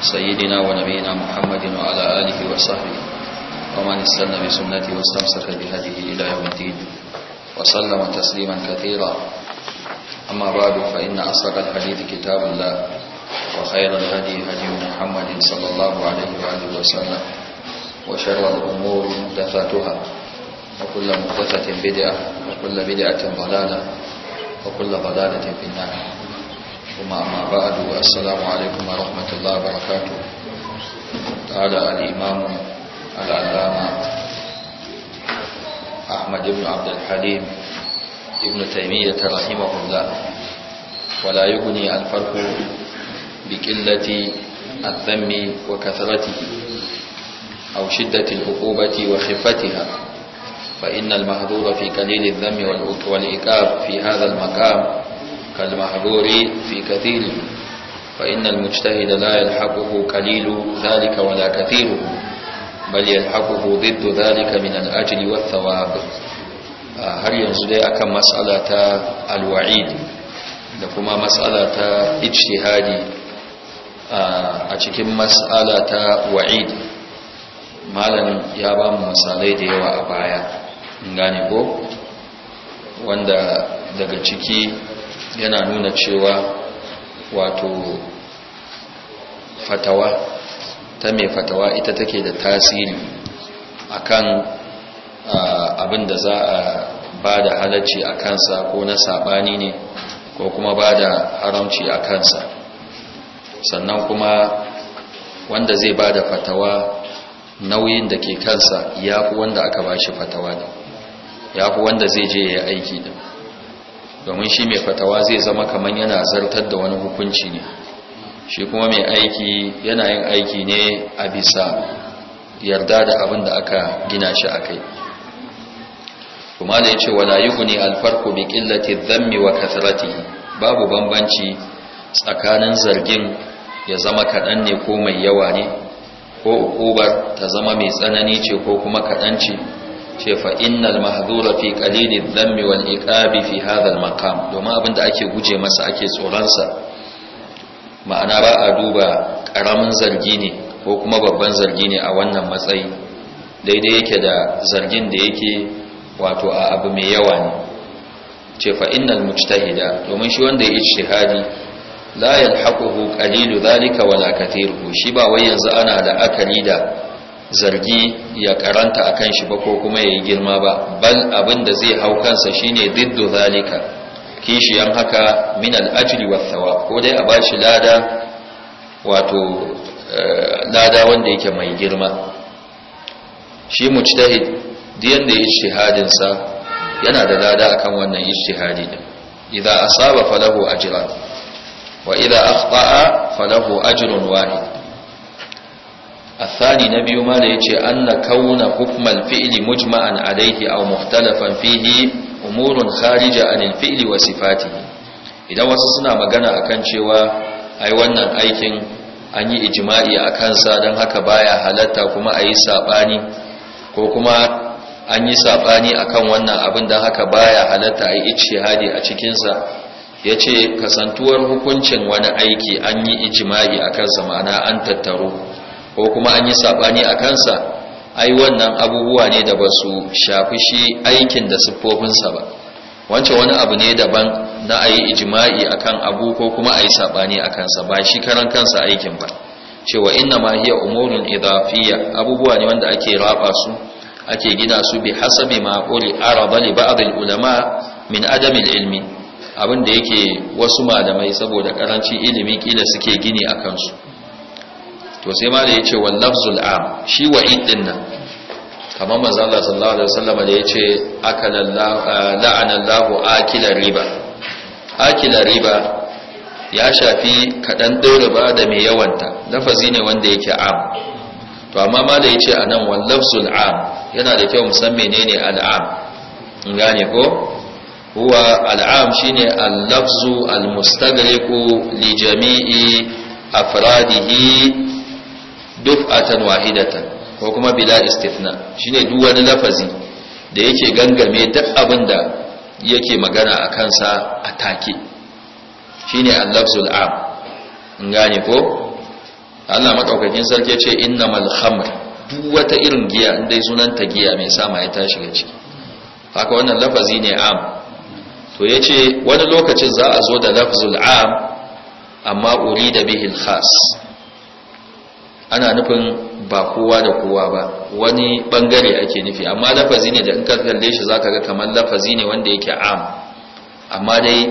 سيدنا ونبينا محمد وعلى آله وصحبه ومن استنى بسنته واستمسك بهذه إلى يوم الدين وسلم تسليما كثيرا أما بعد فإن أصدق الحديث كتاب الله وخير الهدي هدي محمد صلى الله عليه وآله وسلم وشر الأمور محدثاتها وكل محدثة بدعة وكل بدعة ضلالة وكل ضلالة في النار ثم أما بعد السلام عليكم ورحمة الله وبركاته تعالى الإمام العلامة أحمد بن عبد الحليم ابن تيمية رحمه الله ولا يغني الفرق بقلة الذم وكثرته أو شدة العقوبة وخفتها فإن المهذور في قليل الذم والإكاب في هذا المقام كالمحظور في كثير فإن المجتهد لا يلحقه قليل ذلك ولا كثيره بل يلحقه ضد ذلك من الأجل والثواب har yanzu dai akan matsala ta alwa'id da kuma matsala ta ijtihadi a cikin matsala ta wa'id ya bamu misalai da yawa a baya gane ko wanda daga ciki yana nuna cewa wato fatawa ta mai fatawa ita take da tasiri kan abin da za a ba da halarci a kansa ko na saɓani ne ko kuma ba da haramci a kansa sannan kuma wanda zai ba da fatawa nauyin da ke kansa ya fi wanda aka ba shi fatawa da ya fi wanda zai je ya aiki da domin shi mai fatawa zai zama kamar yana zartar da wani hukunci ne shi kuma mai aiki yana yin aiki ne a bisa yarda da abin da aka gina shi a kai kuma da ya ce wala yi guni alfarko bi ƙillati zammi wa kasarati babu bambanci tsakanin zargin ya zama kaɗan ne ko mai yawa ne ko ukubar ta zama mai tsanani ce ko kuma kaɗanci? ce fa mahadura fi qalili dhammi wal fi hadal makam. Domin abin da ake guje masa ake tsoronsa, ma'ana ba a duba karamin zargi ne ko kuma babban zargi ne a wannan matsayi daidai yake da zargin da yake wato a abu mai yawa ne ce fa innal mujtahida domin shi wanda ya shahadi. la yalhaquhu qalilu zalika wala katiru shi ba wai yanzu ana da akali da zargi ya karanta a kan shi ba ko kuma ya yi girma ba bal abin da zai hau kansa shine diddo zalika kishiyan haka min al'ajiri wa tsawa ko dai a ba shi lada wato eh, lada wanda yake mai girma shi mu ci dahi diyan da yi shihadinsa yana da lada akan wannan ijtihadi din a saba falahu jira, wa idza akhta'a falahu ajrun wahid الثاني نبي ما ليتي أن كون حكم الفئل مجمعا عليه أو مختلفا فيه أمور خارجة عن الفئل وصفاته إذا وصصنا مغانا أكن شوى أي وانا أيكن an yi ijima'i a kansa don haka baya halatta kuma a yi saɓani ko kuma an saɓani a kan wannan abin don haka baya halarta a yi a cikinsa ya ce kasantuwar hukuncin wani aiki an yi ijima'i a kansa ma'ana an tattaro ko kuma an yi saɓani a kansa ai wannan abubuwa ne da ba su shafi shi aikin da siffofinsa ba wancan wani abu ne daban na a yi ijima'i a kan abu ko kuma a yi saɓani a kansa ba shi karan kansa aikin ba cewa inna ma hiya umurun idafiya abubuwa ne wanda ake raba su ake gina su bi hasabi ma quli araba, li ba'd al ulama min adam al ilmi abin da yake wasu malamai saboda karanci ilimi kila suke gini a kansu. to sai ma da ya ce wallafzul am shi wa'id din nan kamar manzala sallallahu alaihi wasallam da ya ce la'anallahu akilar riba akilar riba ya shafi kaɗan ba da mai yawanta lafazi ne wanda yake am to amma ma da ya ce a nan wallafzul am yana da kyau musamman ne ne al'am in gane ko huwa al'am shine al-lafzu al-mustaghriqu li jami'i afradihi bid'atan wahidatan ko kuma bila istithna shine duk wani lafazi da yake gangame duk abinda da yake magana a kansa a take shine al-lafzul am in gane ko Allah madaukakin sarki ce innamal khamr duk wata irin giya indai sunanta giya mai sama ya tashi ga haka wannan lafazi ne am to ya ce wani lokacin za a zo da lafzul am amma uri da bihil khas ana nufin ba kowa da kowa ba wani bangare ake nufi amma lafazi ne da in ka kalle shi zaka ga kamar lafazi ne wanda yake am amma dai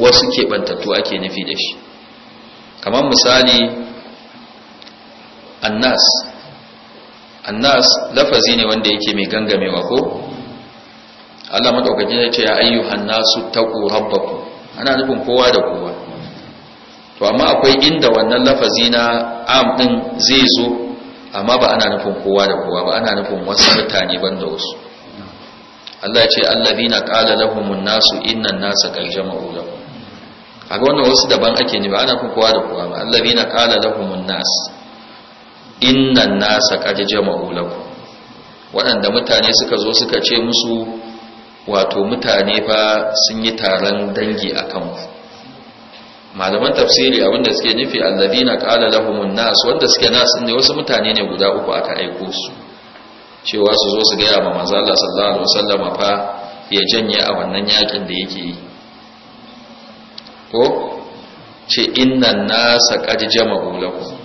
wasu keɓantattu ake nufi da shi kamar misali annas annas lafazi ne wanda yake mai gangamewa ko Allah madaukakin ya ce ya ayyuhan nasu rabba ku. ana nufin kowa da kowa to amma akwai inda wannan lafazi na am din zai zo amma ba ana nufin kowa da kowa ba ana nufin wasu mutane banda wasu Allah ya ce allazina qala lahumun nasu innan nasa qad jama'u lahum kaga wannan wasu daban ake ne ba ana nufin kowa da kowa ba allazina qala lahumun nas innan nasa qad jama'u lahum waɗanda mutane suka zo suka ce musu wato mutane fa sun yi taron dangi akan ku malaman tafsiri abinda suke nufi alladina qala an nas wanda suke nas ne wasu mutane ne guda uku aka aiko su cewa su zo su gaya ma manzo Allah sallallahu alaihi wasallam fa ya janye a wannan yakin da yake yi ko ce innan nasa qad jama'u lakum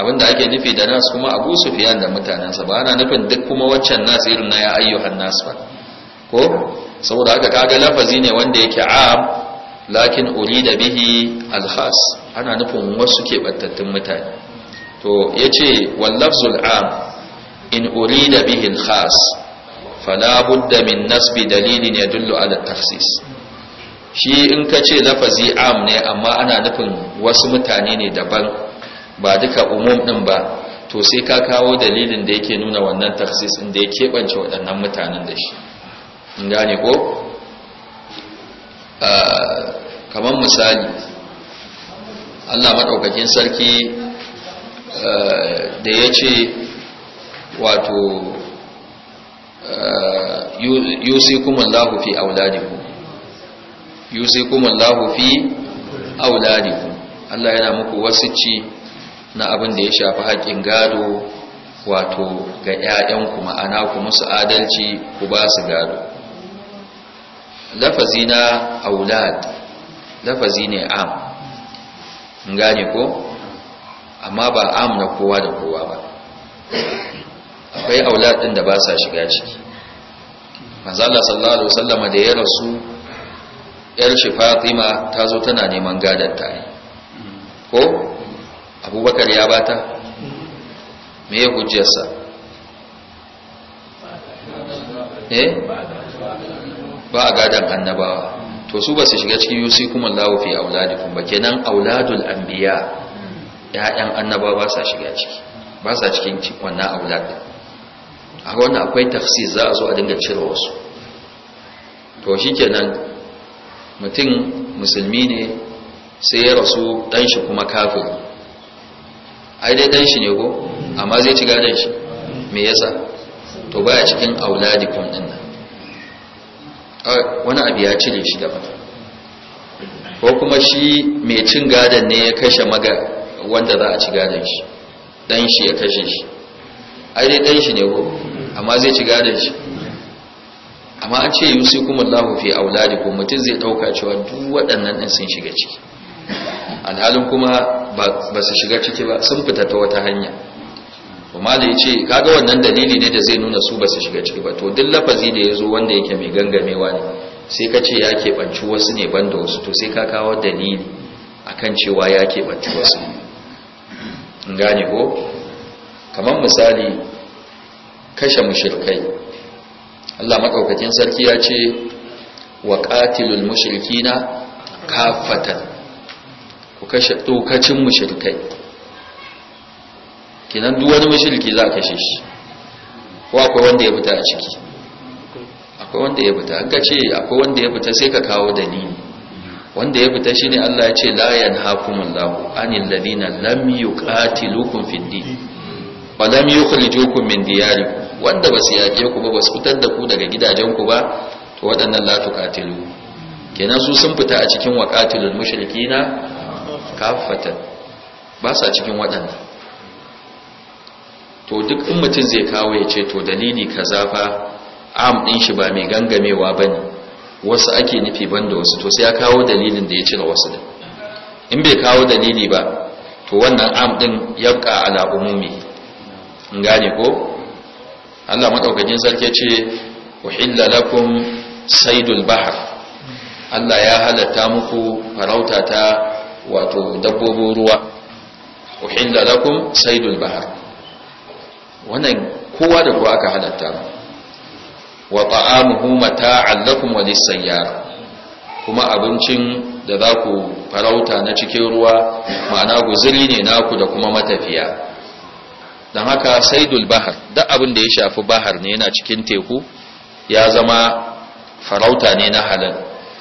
abinda ake nufi da nas kuma Abu Sufyan da mutanansa ba ana nufin duk kuma waccan nas irin na ya ayyuhan nas ba ko saboda haka kaga lafazi ne wanda yake am lakin da bihi alhas ana nufin wasu keɓantattun mutane to ya ce wallaf am in urida bihi alhas fala budda min nasbi dalilin ya dullo ala tafsis shi in ka ce lafazi am ne amma ana nufin wasu mutane ne daban ba duka umum din ba to sai ka kawo dalilin da yake nuna wannan tafsis inda ya keɓance waɗannan mutanen da shi gane ko Ah, kamar misali allah maɗaukakin sarki ah, da ya ce wato ah, yusikumullahu fi kuma yusikumullahu fi auladikum Allah yana muku wasu ci na abin da ya shafi haƙin gado wato ga 'ya'yanku ma'ana ku musu adalci ku ba su gado lafazi na aulad lafazi ne am gane ko amma ba am na kowa da kowa ba akwai aulad din da ba sa shiga ciki manzala sallallahu alaihi wasallama da ya rasu yar shi fatima ta zo tana neman gadon ta ko abubakar ya bata me ya hujjarsa eh ba a gadan annabawa to su ba su shiga cikin yusi kuma lawo fi auladikum ba kenan auladul anbiya ya'yan annabawa ba sa shiga ciki ba sa cikin wannan aulad a wannan akwai tafsir za a zo a dinga cire wasu to shi kenan mutum musulmi ne sai ya rasu dan shi kuma kafiri ai dai dan shi ne ko amma zai ci gadon shi me yasa to baya cikin auladikum din nan wani abu ya cire shi daban ko kuma shi mai cin gadon ne ya kashe maga wanda za a ci gadon shi dan shi ya kashe shi ai dai dan shi ne ko amma zai ci gadon shi amma an ce kuma yusikumullahu fi auladikum mutum zai dauka cewa duk waɗannan din sun shiga ciki alhalin kuma ba su shiga ciki ba sun fita ta wata hanya kuma da yace kaga wannan dalili ne da zai nuna su ba su shiga ciki ba to duk lafazi da ya zo wanda yake mai gangamewa ne sai ka ce ya keɓanci wasu ne banda wasu to sai ka kawo dalili akan cewa ya keɓanci wasu in gane ko kamar misali kashe mushrikai Allah maɗaukakin sarki ya ce wa qatilul mushrikina kafatan ku kashe dokacin mushrikai kenan duk wani mushriki za a kashe shi ko akwai wanda ya fita a ciki akwai wanda ya fita ka ce akwai wanda ya fita sai ka kawo dalili wanda ya fita shine Allah ya ce la yanhaqumullahu anil ladina lam yuqatilukum fid din wa lam yukhrijukum min diyarikum wanda basu yaje ku ba basu fitar da ku daga gidajen ku ba to waɗannan la tuqatilu kenan su sun fita a cikin waqatilul mushrikina kafatan ba su a cikin waɗannan to duk in mutum zai kawo ya ce to dalili kaza fa am din shi ba mai gangamewa bane wasu ake nufi banda wasu to sai ya kawo dalilin da ya cire wasu din in bai kawo dalili ba to wannan am din yabka ala umumi in gane ko Allah madaukakin sarki ya ce uhilla lakum saydul bahr Allah ya halatta muku farauta ta wato dabbobin ruwa uhilla lakum saydul bahr wannan kowa da kowa aka halatta wa ta'amuhu mata'an lakum wa lis-sayyar kuma abincin da za ku farauta na cikin ruwa ma'ana guzuri ne naku da kuma matafiya don haka saidul bahar duk abin da ya shafi bahar ne yana cikin teku ya zama farauta ne na halal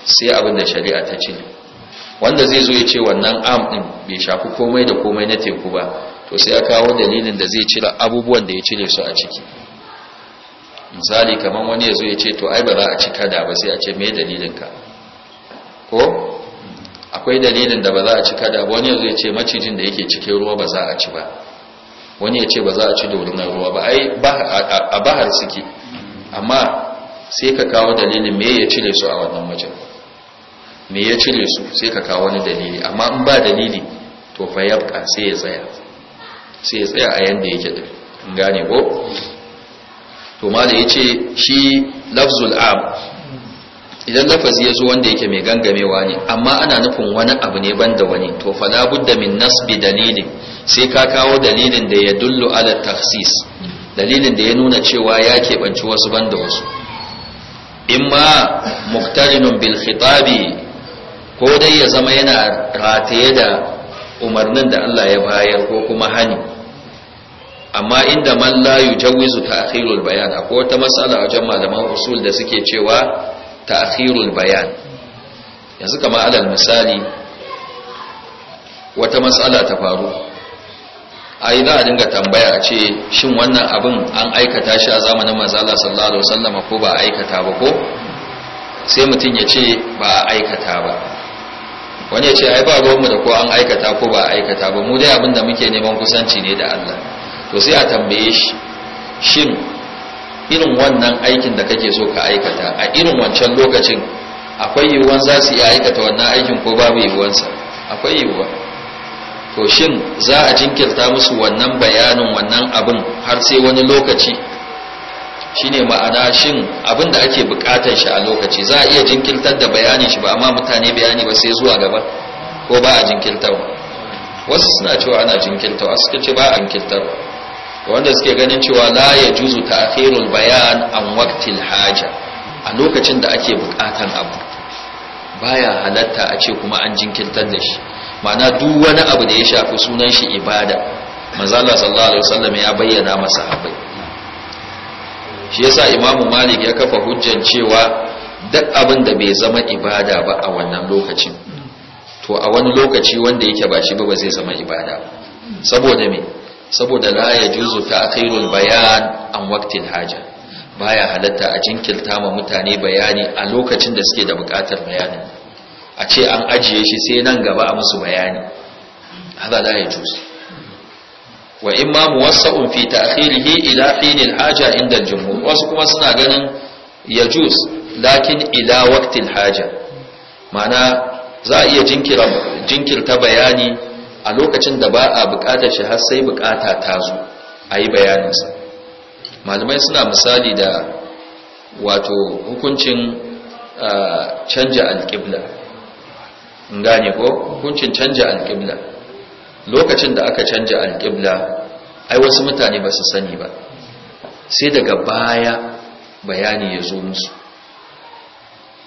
sai abin da shari'a ta ce wanda zai zo ya ce wannan am din bai shafi komai da komai na teku ba to sai ya kawo dalilin da zai cire abubuwan da ya cire su a ciki misali kamar wani ya zo ya ce to ai ba za a ci kada ba sai a ce me dalilin ka ko akwai dalilin da ba za a ci kada ba wani ya zo ya ce macijin da yake cikin ruwa ba za a ci ba wani ya ce ba za a ci dorinan ruwa ba ai a bahar suke amma sai ka kawo dalilin me ya cire su a wannan wajen me ya cire su sai ka kawo wani dalili amma in ba dalili to fa yabka sai ya tsaya sai ya tsaya a yadda yake da gane ko to ya yace shi lafzul am idan lafazi ya zo wanda yake mai gangamewa ne amma ana nufin wani abu ne banda wani to fala budda min nasbi dalilin sai ka kawo dalilin da ya dullu ala takhsis dalilin da ya nuna cewa ya keɓanci wasu banda wasu imma muktarinun bil khitabi ko dai ya zama yana rataye da umarnin da Allah ya bayar ko kuma hani amma inda man la yujawizu ta'khirul bayan akwai wata mas'ala a wajen malaman usul da suke cewa ta'khirul bayan yanzu kamar alal misali wata mas'ala ta faru ai za a dinga tambaya a ce shin wannan abin an aikata shi a zamanin manzala sallallahu alaihi wasallam ko ba aikata ba ko sai mutum ya ce ba aikata ba wani ya ce ai ba ruwanmu da ko an aikata ko ba aikata ba mu dai abinda muke neman kusanci ne da Allah to sai a tambaye shi shin irin wannan aikin da kake so ka aikata a irin wancan lokacin akwai yiwuwan za su iya aikata wannan aikin ko babu yiwuwansa akwai yiwuwa to shin za a jinkirta musu wannan bayanin wannan abin har sai wani lokaci shine ma'ana shin abinda ake bukatar shi a lokaci za a iya jinkirtar da bayanin shi ba amma mutane bayani ba sai zuwa gaba ko ba a jinkirtarwa wasu suna cewa ana wasu suka ce ba a jinkirtarwa wanda suke ganin cewa la ya juzu akhirul bayan an waqtil haja a lokacin da ake bukatan abu baya halatta a ce kuma an jinkirtar da shi ma'ana duk wani abu da ya shafi sunan shi ibada manzo Allah sallallahu alaihi wasallam ya bayyana masa masahabai shi yasa imamu malik ya kafa hujjan cewa duk abin da bai zama ibada ba a wannan lokacin to a wani lokaci wanda yake ba shi ba ba zai zama ibada saboda me saboda la yajuzu ta'khirul bayan an waqtil haja baya halatta a jinkirta ma mutane bayani a lokacin da suke da bukatar bayanin a ce an ajiye shi sai nan gaba a musu bayani hada la juzu wa imma muwassa'un fi ta'khirihi ila hinil haja inda al-jumhur wasu kuma suna ganin yajuz lakin ila waqtil haja ma'ana za a iya jinkira jinkirta bayani a lokacin da ba a bukatar shi har sai bukata ta zo a yi bayaninsa malamai suna misali da wato hukuncin ah, canja alƙibla gane ko hukuncin canja alƙibla lokacin da aka canja alƙibla ai wasu mutane ba su sani ba sai daga baya bayani ya zo musu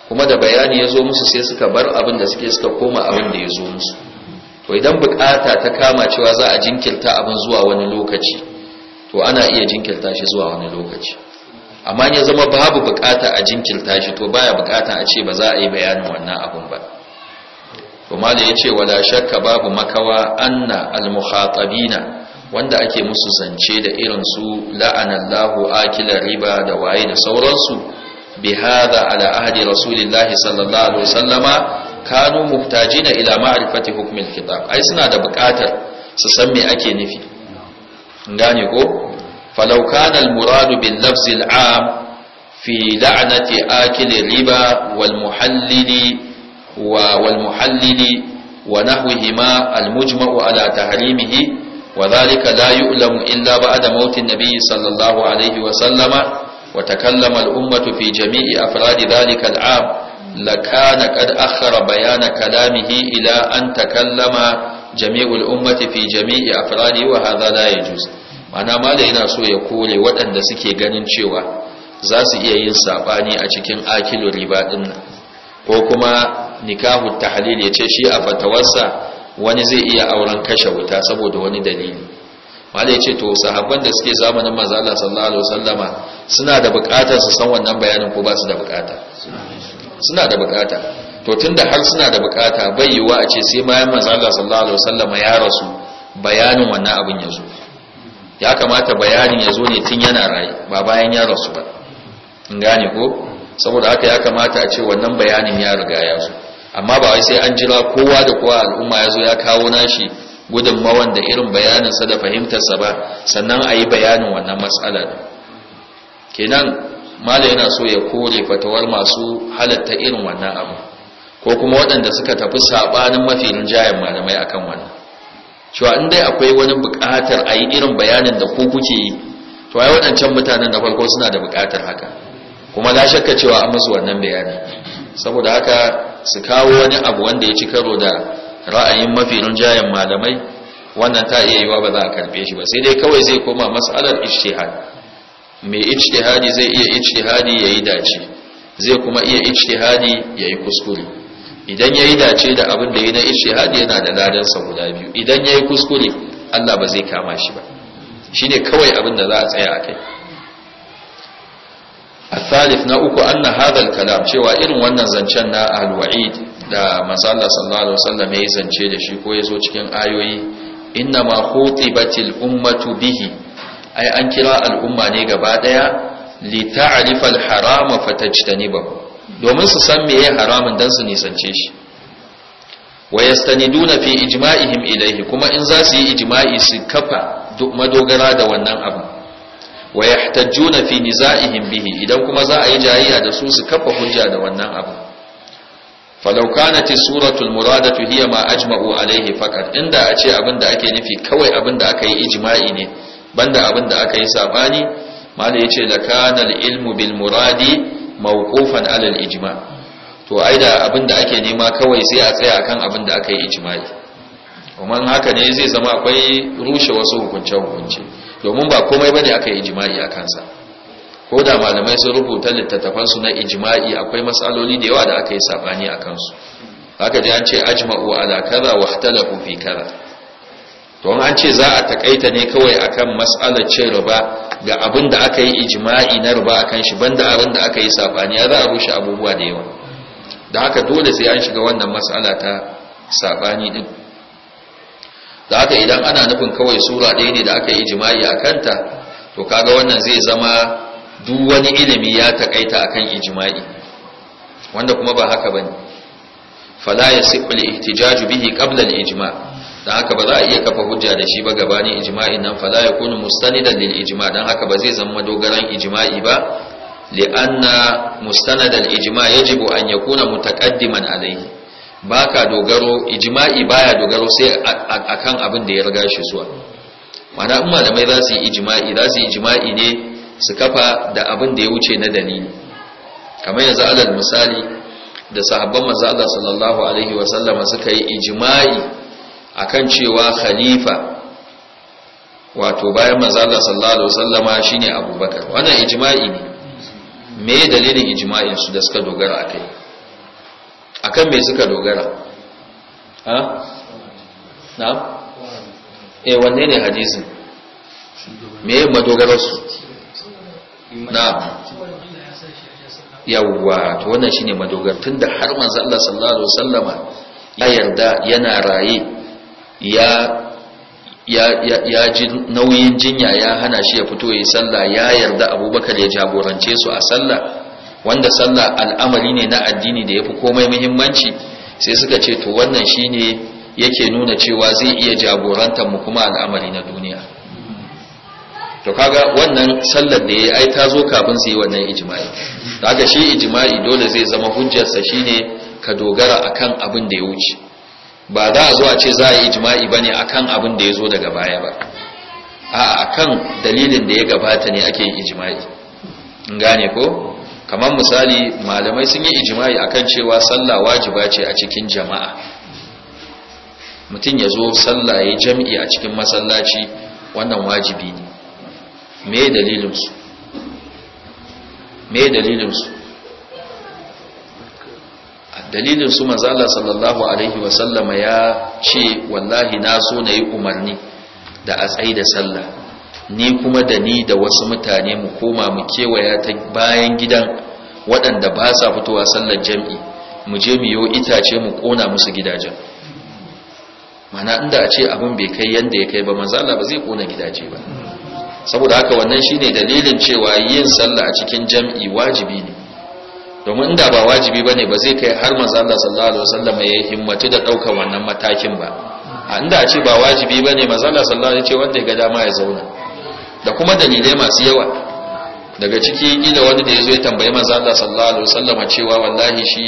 kuma da bayani ya zo musu sai suka bar abin da suke suka koma abin da ya zo musu to idan bukata ta kama cewa za a jinkirta abin zuwa wani lokaci to ana iya jinkirta shi zuwa wani lokaci amma ya zama babu bukata a jinkirta shi to baya bukata a ce ba za a yi bayanin wannan abin ba kuma da ya ce wala shakka babu makawa anna almuhatabina wanda ake musu zance da irin su la'anallahu akila riba da waye da sauransu bi hada ala ahdi rasulillahi sallallahu alaihi wasallama kanu muhtajina ila ma'rifati hukmil kitab ai suna da bukatar su san me ake nufi gane ko falau kana almuradu bil lafzil am fi la'nati akili riba wal muhallili والمحلل ونحوهما المجمع على تحريمه وذلك لا يؤلم إلا بعد موت النبي صلى الله عليه وسلم وتكلم الأمة في جميع أفراد ذلك العام لكان قد أخر بيان كلامه إلى أن تكلم جميع الأمة في جميع أفراده وهذا لا يجوز ma'ana malai yana so ya kore waɗanda suke ganin cewa za su iya yin saɓani a cikin akilu riba ɗin nan ko kuma nikahu tahlil ya ce shi a fatawarsa wani zai iya auren kashe wuta saboda wani dalili malai ce to sahabban da suke zamanin manzo Allah sallallahu alaihi wasallama suna da buƙatar su san wannan bayanin ko ba su da buƙata. suna da buƙata. to tunda har suna da buƙata bai yiwa a ce sai bayan manzo Allah sallallahu alaihi wasallama ya rasu bayanin wannan abin ya zo ya kamata bayanin ya zo ne tun yana raye ba bayan ya rasu ba in gane ko saboda haka ya kamata a ce wannan bayanin ya riga ya zo amma ba wai sai an jira kowa da kowa al'umma ya zo ya kawo nashi gudunmawan da irin bayaninsa da fahimtarsa ba sannan a yi bayanin wannan matsalar kenan mala yana so ya kore fatawar masu halatta irin wannan abu ko kuma waɗanda suka tafi saɓanin mafi rinjayen malamai akan wannan cewa in dai akwai wani buƙatar a yi irin bayanin da ku kuke yi to ai waɗancan mutanen da farko suna da buƙatar haka kuma na shakka cewa an musu wannan bayani saboda haka su kawo wani abu wanda ya ci karo da ra'ayin mafi rinjayen malamai wannan ta iya yiwa ba za a karbe shi ba sai dai kawai zai koma matsalar ishtihadi mai ishtihadi zai iya ya yi dace zai kuma iya ya yi kuskure idan ya yi dace da abin da yi na ishtihadi yana da ladan sa guda biyu idan ya yi kuskure Allah ba zai kama shi ba shine kawai abin da za a tsaya a kai الثالث نأوك أن هذا الكلام شوى إن ونن زنشنا الوعيد da mazala sallallahu alaihi wasallam yayi zance da shi ko yazo cikin ayoyi inna ma batil ummatu bihi ai an kira al'umma ne gaba daya li ta'rifa al harama fatajtaniba domin su san meye haramin dan su nisance shi wa yastaniduna fi ijma'ihim ilayhi kuma in za su yi ijima'i su kafa madogara da wannan abu wa yahtajjuna fi nizaihim bihi idan kuma za a yi jayayya da su su kafa hujja da wannan abu falau kanat suratul muradatu hiya ma ajma'u alaihi faqat inda a ce abin ake nufi kawai abinda aka yi ijma'i ne banda abinda aka yi sabani mala yace la kana ilmu bil muradi mawqufan ala al ijma' to ai da abinda ake nema kawai sai a tsaya akan abinda aka yi ijma'i kuma haka ne zai zama akwai rushe wasu hukunce hukunce domin ba komai ba ne aka yi jima'i a kansa ko da malamai sun rubuta littattafansu na ijima'i, akwai masaloli da yawa da aka yi sabani a kansu haka ji an ce ajma'u ala kaza wa ihtalafu fi kaza to an ce za a takaita ne kawai akan mas'alar cin riba ga abin da aka yi ijima'i na riba akan shi banda abin da aka yi sabani za a rushe abubuwa da yawa da haka dole sai an shiga wannan mas'ala ta sabani din da haka idan ana nufin kawai sura ɗaya ne da aka yi jima'i a kanta to kaga wannan zai zama duk wani ilimi ya takaita akan ijima'i wanda kuma ba haka bane fala yasiqu ihtijaj bihi qabla al-ijma' dan haka ba za a iya kafa hujja da shi ba gabanin ijma'in nan fala yakunu mustanidan lil ijma' dan haka ba zai zama dogaran ijma'i ba li'anna al ijma' yajibu an yakuna mutaqaddiman alayhi baka dogaro ijma'i baya dogaro sai akan abin da ya riga shi zuwa mana in malamai za su yi ijima'i. za su yi ijma'i ne su kafa da abin da ya wuce na dalili kamar yanzu alal misali da sahabban manzo Allah sallallahu alaihi wa sallama suka yi ijma'i akan cewa khalifa wato bayan manzo Allah sallallahu alaihi wa sallama shine Abubakar wannan ijima'i ne me dalilin ijma'in su da suka dogara akai akan me suka dogara ha na eh wanne ne hadisin me madogarar su na yawwa to wannan shine madogar tunda har manzo Allah sallallahu alaihi wasallama ya yarda yana raye ya ya ya ji nauyin jinya ya hana shi ya fito yi sallah ya yarda Abubakar ya jagorance su a sallah wanda sallah al'amari ne na addini da ya fi komai muhimmanci sai suka ce to wannan shine yake nuna cewa zai iya jagorantar mu kuma al'amari na duniya to kaga wannan sallar da yayi ai ta zo kafin su yi wannan ijma'i kaga shi ijma'i dole zai zama hujjarsa shine ka dogara akan abin da ya wuce ba za a zo a ce za a yi ijma'i bane akan abin da ya zo daga baya ba a akan dalilin da ya gabata ne ake yin ijma'i in gane ko kamar misali malamai sun yi ijimai akan cewa sallah wajiba ce a cikin jama'a mutum ya zo sallah ya jam'i a cikin masallaci wannan wajibi ne me dalilinsu me dalilinsu dalilinsu mazala sallallahu alaihi wasallama ya ce wallahi na so na yi umarni da a tsaye da sallah ni kuma da ni da wasu mutane mu koma mu kewaya ta bayan gidan waɗanda ba sa fitowa sallar jam'i mu je mu yo itace mu kona musu gidajen mana inda a ce abin bai kai yanda ya kai ba manzala ba zai kona gidaje ba saboda haka wannan shine dalilin cewa yin sallah a cikin jam'i wajibi ne domin inda ba wajibi bane ba zai kai har manzo Allah sallallahu alaihi wasallam ya himmatu da daukar wannan matakin ba a inda a ce ba wajibi bane manzo Allah sallallahu alaihi wasallam ya ce wanda ya ga dama ya zauna da kuma dalilai masu yawa daga ciki ila wani da ya zo ya tambayi manzo Allah sallallahu alaihi wasallam cewa wallahi shi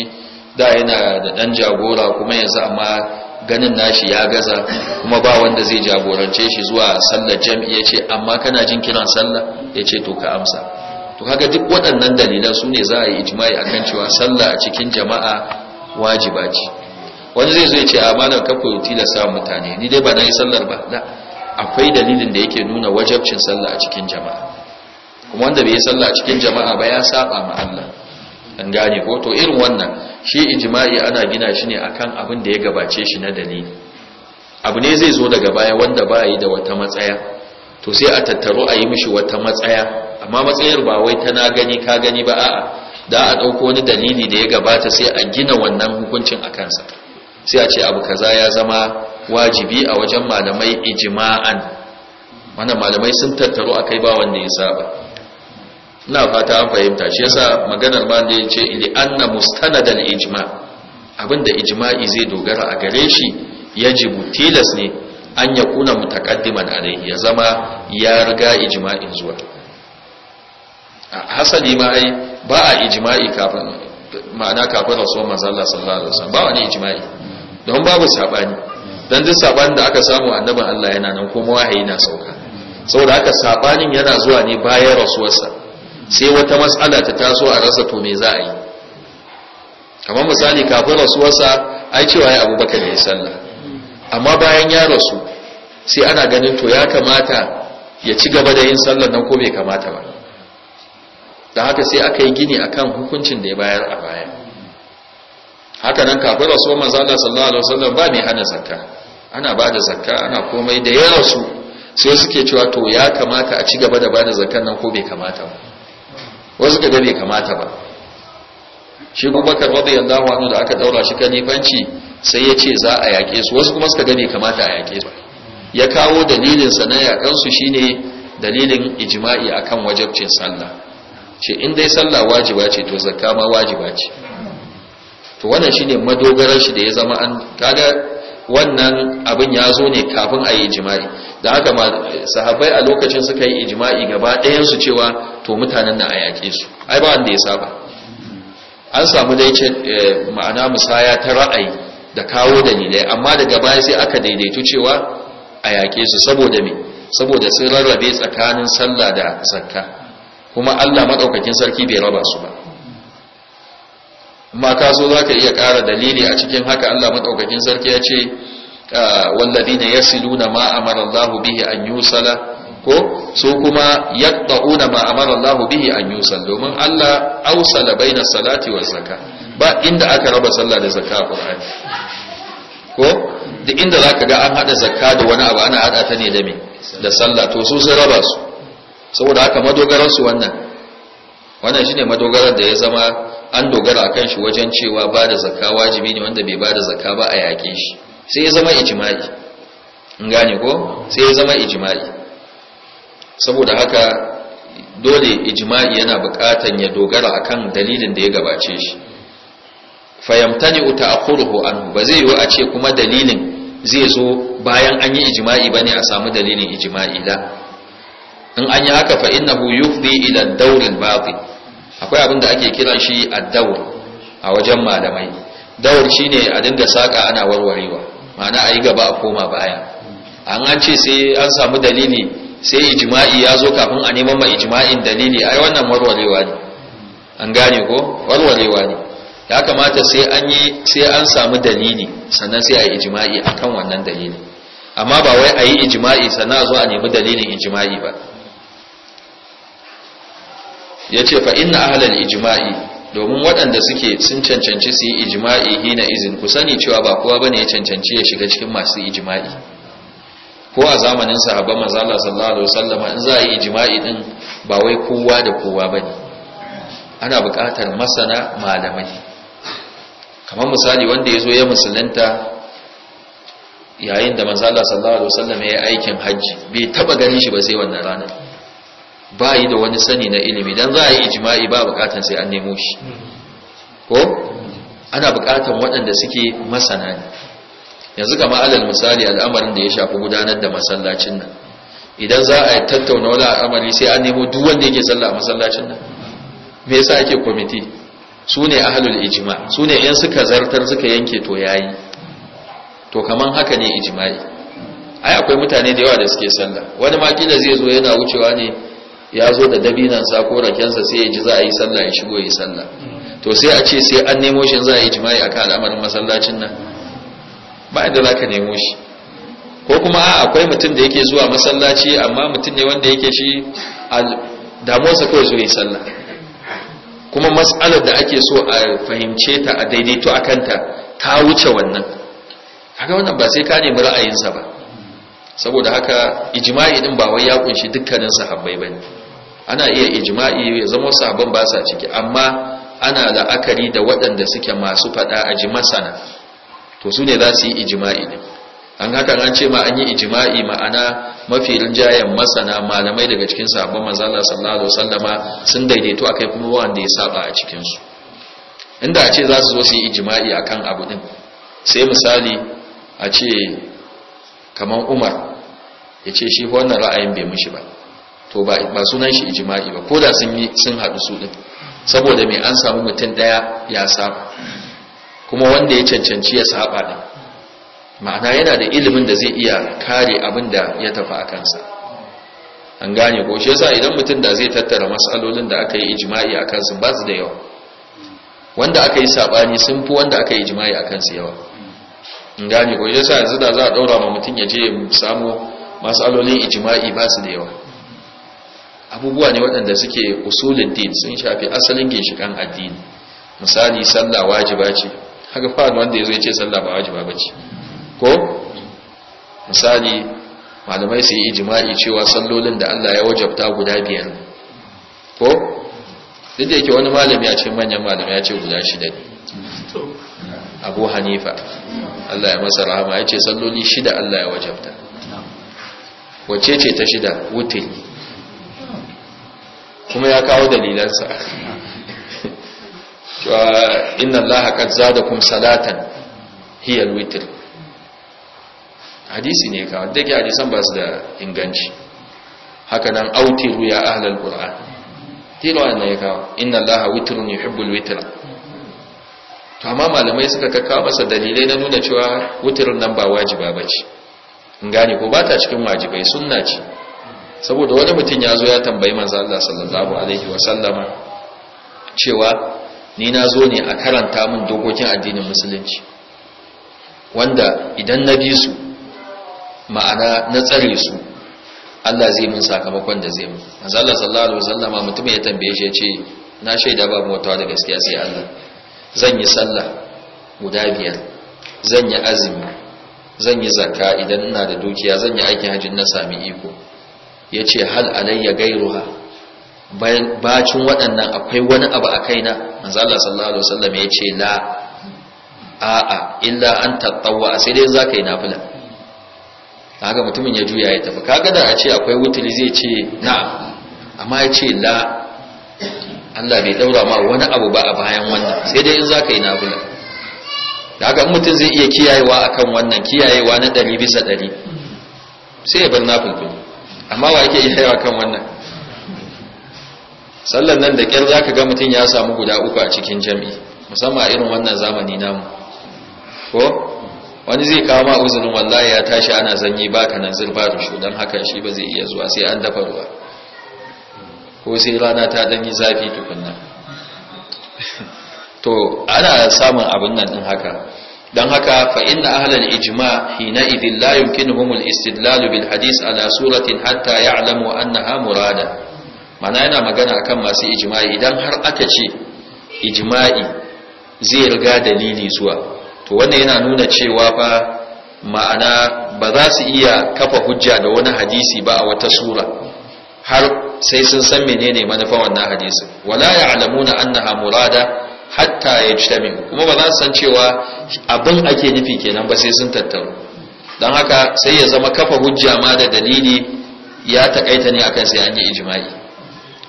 da yana da dan jagora kuma yanzu amma ganin nashi ya gaza kuma ba wanda zai jagorance shi zuwa sallar jami'i yace amma kana jin kiran sallah ce to ka amsa to kaga duk waɗannan dalilan su ne za a yi ijma'i akan cewa sallah a cikin jama'a wajiba ce wani zai zo ya ce na kafa tilasta mutane ni dai ba na yi sallar ba akwai dalilin da yake nuna wajabcin sallah a cikin jama'a kuma wanda bai yi sallah a cikin jama'a ba ya saba ma Allah an gane ko to irin wannan shi ijma'i ana gina shi ne akan abin da ya gabace shi na dalili abu ne zai zo daga baya wanda ba yi da wata matsaya to sai a tattaro a yi mishi wata matsaya amma matsayar ba wai ta na gani ka gani ba a'a da a ɗauko wani dalili da ya gabata sai a gina wannan hukuncin a kansa sai a ce abu kaza ya zama wajibi a wajen malamai ijma'an wannan malamai sun tattaro akai ba wanda ya saba ina fata an fahimta shi yasa maganar ba da yace li anna mustanadan ijma abinda ijma'i zai dogara a gare shi yajibu tilas ne an ya kuna mutaqaddiman alaihi ya zama ya riga ijma'in zuwa hasali ma ai ba a ijma'i kafin ma'ana kafin rasuwar manzo sallallahu alaihi wasallam ba wani ijma'i don babu sabani dan duk sabanin da aka samu annabi Allah yana nan kuma wahayi na sauka saboda haka sabanin yana zuwa ne bayan rasuwarsa sai wata mas'ala ta taso a rasa to me za a yi kamar misali kafin rasuwarsa ai cewa ya abubakar ne sallah amma bayan ya rasu sai ana ganin to ya kamata ya ci gaba da yin sallar nan ko bai kamata ba da haka sai aka yi gini akan hukuncin da ya bayar a baya haka nan kafin rasuwar manzo Allah sallallahu alaihi wasallam ba mai hana zakka ana ba da zakka ana komai da yawa su sai suke cewa to ya kamata a ci gaba da bada zakkan nan ko bai kamata ba wasu kaga bai kamata ba shi Abubakar radiyallahu anhu da aka daura shi kanifanci sai ya ce za a yake su wasu kuma suka ga bai kamata a yake su ya kawo dalilin sa na yakan su shine dalilin ijma'i akan wajibcin sallah ce in dai sallah wajiba ce to zakka ma wajiba ce to wannan shine madogaran shi da ya zama an kaga wannan abin ya zo ne kafin a yi ijima'i da haka ma sahabbai a lokacin suka yi ijima'i gaba ɗayan su cewa to mutanen na a su ai ba wanda ya saba an samu dai ce eh, ma'ana musaya ta ra'ayi da kawo dalilai amma daga baya sai aka daidaitu cewa a su saboda me saboda sun rarrabe tsakanin sallah da zakka kuma Allah madaukakin sarki bai raba su ba ma ka so za ka iya ƙara dalili a cikin haka Allah maɗaukakin sarki ya ce ah, walladina yasiluna ma ma'amar Allah bihi an yusala ko su kuma ɗau na ma'amar Allah bihi an yusal domin Allah ausala na salati wa zaka. ba inda aka raba sallah da zaka a Qur'ani ko da inda ka ga an hada zaka da wani abu ana haɗa ta ne da me da sallah to su sun raba su saboda haka madogaran su wannan wannan shine madogarar da ya zama an dogara a kan shi wajen cewa ba da zakka wajibi ne wanda bai ba da zakka ba a yaƙe shi sai ya zama ijima'i. in gane ko sai ya zama ijima'i. saboda haka dole ijma'i yana buƙatan ya dogara a kan dalilin da ya gabace shi fayamtani ta'akhuruhu an ba zai yiwu a ce kuma dalilin zai zo bayan an yi ijima'i ba ne a samu dalilin ijima'i da. in an yi haka fa innahu yufdi ila daurin batil akwai abin da ake kiran shi addawar a wajen malamai dawar ne a dinga saka ana warwarewa ma'ana yi gaba a koma baya an an ce sai an samu dalili sai ijma'i ya zo kafin a neman ma ijma'in dalili ai wannan warwarewa ne an gane ko warwarewa ne ya kamata sai an yi sai an samu dalili sannan sai ayi ijma'i akan wannan dalili amma ba wai ayi ijma'i sannan a zo a nemi dalilin ijma'i ba ya ce fa inna ahlal ijma'i domin waɗanda suke sun cancanci su yi ijma'i hina izin ku sani cewa ba kowa bane ya cancanci ya shiga cikin masu ijma'i ko a zamanin sahaba manzo Allah sallallahu alaihi wasallam in za a yi ijima'i din ba wai kowa da kowa bane ana buƙatar masana malamai kamar misali wanda ya zo ya musulunta yayin da manzo Allah sallallahu alaihi wasallam ya yi aikin hajji bai taba ganin shi ba sai wannan ranar ba yi da wani sani na ilimi dan za a yi ijima'i ba bukatan sai an nemo shi ko ana bukatan waɗanda suke masana ne yanzu kama alal misali al'amarin da ya shafi gudanar da masallacin nan idan za a tattauna wani al'amari sai an nemo duk wanda yake sallah a masallacin nan me yasa ake kwamiti su ne a ahalul ijima su ne yan suka zartar suka yanke to yayi to kaman haka ne ijima'i. ai akwai mutane da yawa da suke sallah wani ma kila zai zo yana wucewa ne ya zo da sa ko rakensa sai ya ji za a yi sallah ya shigo yi sallah to sai a ce sai an nemo shi za a yi jima'i a al'amarin masallacin nan ba inda za ka nemo shi ko kuma akwai mutum da yake zuwa masallaci amma mutum ne wanda yake shi damuwarsa kawai zo ya sallah kuma mas'alar da ake so a fahimce ta a daidaito a kanta ta wuce wannan haka wannan ba sai ka nemi ra'ayinsa ba saboda haka ijma'i din ba wai ya kunshi dukkanin sahabbai bane ana iya ijma'i ya zama sabon ba sa ciki amma ana la'akari da waɗanda suke masu faɗa a ji masana to su ne za su yi ijma'i ne an hakan an ce ma an yi ijma'i ma'ana mafi rinjayen masana malamai daga cikin sabon mazala, sallallahu alaihi wasallama sun daidaito akai kuma wanda ya saba a cikinsu. su inda a ce za su zo su yi ijma'i akan abu ɗin, sai misali a ce kamar Umar ya ce shi wannan ra'ayin bai mushi ba to ba sunan shi ijima'i ba ko da sun yi sun haɗu su ɗin saboda mai an samu mutum ɗaya ya saba kuma wanda ya cancanci ya saba ɗin ma'ana yana da ilimin da zai iya kare abin da ya tafi a kansa an gane ko shi yasa idan mutum da zai tattara matsalolin da aka yi ijima'i a kansu ba su da yawa wanda aka yi saɓani sun fi wanda aka yi ijima'i a kansu yawa in gane ko shi yasa yanzu da za a ɗaura ma mutum ya je samu matsalolin ijima'i ba su da yawa abubuwa ne waɗanda suke usulin din sun shafi asalin ginshikan addini misali sallah wajiba ce haka fa'ad wanda ya zo ya ce sallah ba wajiba ba ce ko misali malamai su yi ijima'i cewa sallolin da Allah ya wajabta guda biyar ko duk da yake wani malami ya ce manyan malami ya ce guda shida ne abu hanifa Allah ya masa rahama ya ce salloli shida Allah ya wajabta wacce ce ta shida wutiri kuma ya kawo dalilansa cewa inna allaha qad zadakum salatan hiya alwitr hadisi ne kawo dake hadisan ba su da inganci haka nan autiru ya ahlal qur'an tiro ne ya kawo inna allaha witrun yuhibbul witr to amma malamai suka kakkawa masa dalilai na nuna cewa witrin nan ba wajiba bace in gane ko ba ta cikin wajibai sunna ce saboda wani mutum ya zo ya tambayi manzo Allah sallallahu alaihi wasallama cewa ni na zo ne a karanta min dokokin addinin musulunci wanda idan na bi su ma'ana na tsare su Allah zai min sakamakon da zai min manzo Allah sallallahu alaihi wasallama mutum ya tambaye shi ya ce na shaida babu wata da gaskiya sai Allah zan yi sallah guda biyar zan yi azumi zan yi zakka idan ina da dukiya zan yi aikin hajji na sami iko ya ce hal alayya gairuha bacin waɗannan akwai wani abu a kaina manzala sallallahu alaihi wasallam ya ce la a'a illa an tattawa sai dai za ka yi nafila kaga mutumin ya juya ya tafi kaga da a ce akwai wutuli zai ce na'am amma ya ce la Allah bai daura ma wani abu ba a bayan wannan sai dai in za ka yi nafila da haka mutum zai iya kiyayewa akan wannan kiyayewa na ɗari bisa ɗari sai ya bar nafilfili amma wa yake yi yawa kan wannan sallan nan da kyar ka ga mutum ya samu guda uku a cikin jam'i musamman a irin wannan zamani namu ko wani zai kawo ma uzurin wallahi ya tashi ana zanyi baka nan zirba rushu don haka shi ba zai iya zuwa sai an dafa ruwa ko sai rana ta yi zafi tukunna to ana samun abin nan ɗin haka don haka fa na ahlal Ijima hina idin la yumkinuhum humul istidlalu bil hadis ala suratin hatta ya'lamu annaha murada mana yana magana akan masu ijima'i idan har aka ce ijima'i zai riga dalili zuwa to wannan yana nuna cewa fa ma'ana ba za su iya kafa hujja da wani hadisi ba a wata sura har sai sun san menene manufa wannan hadisin wala ya'lamuna annaha murada hatta ya kuma ba za su san cewa abin ake nufi kenan ba sai sun tattaru don haka sai ya zama kafa hujja ma da dalili ya takaita ne akan sai an yi ijima'i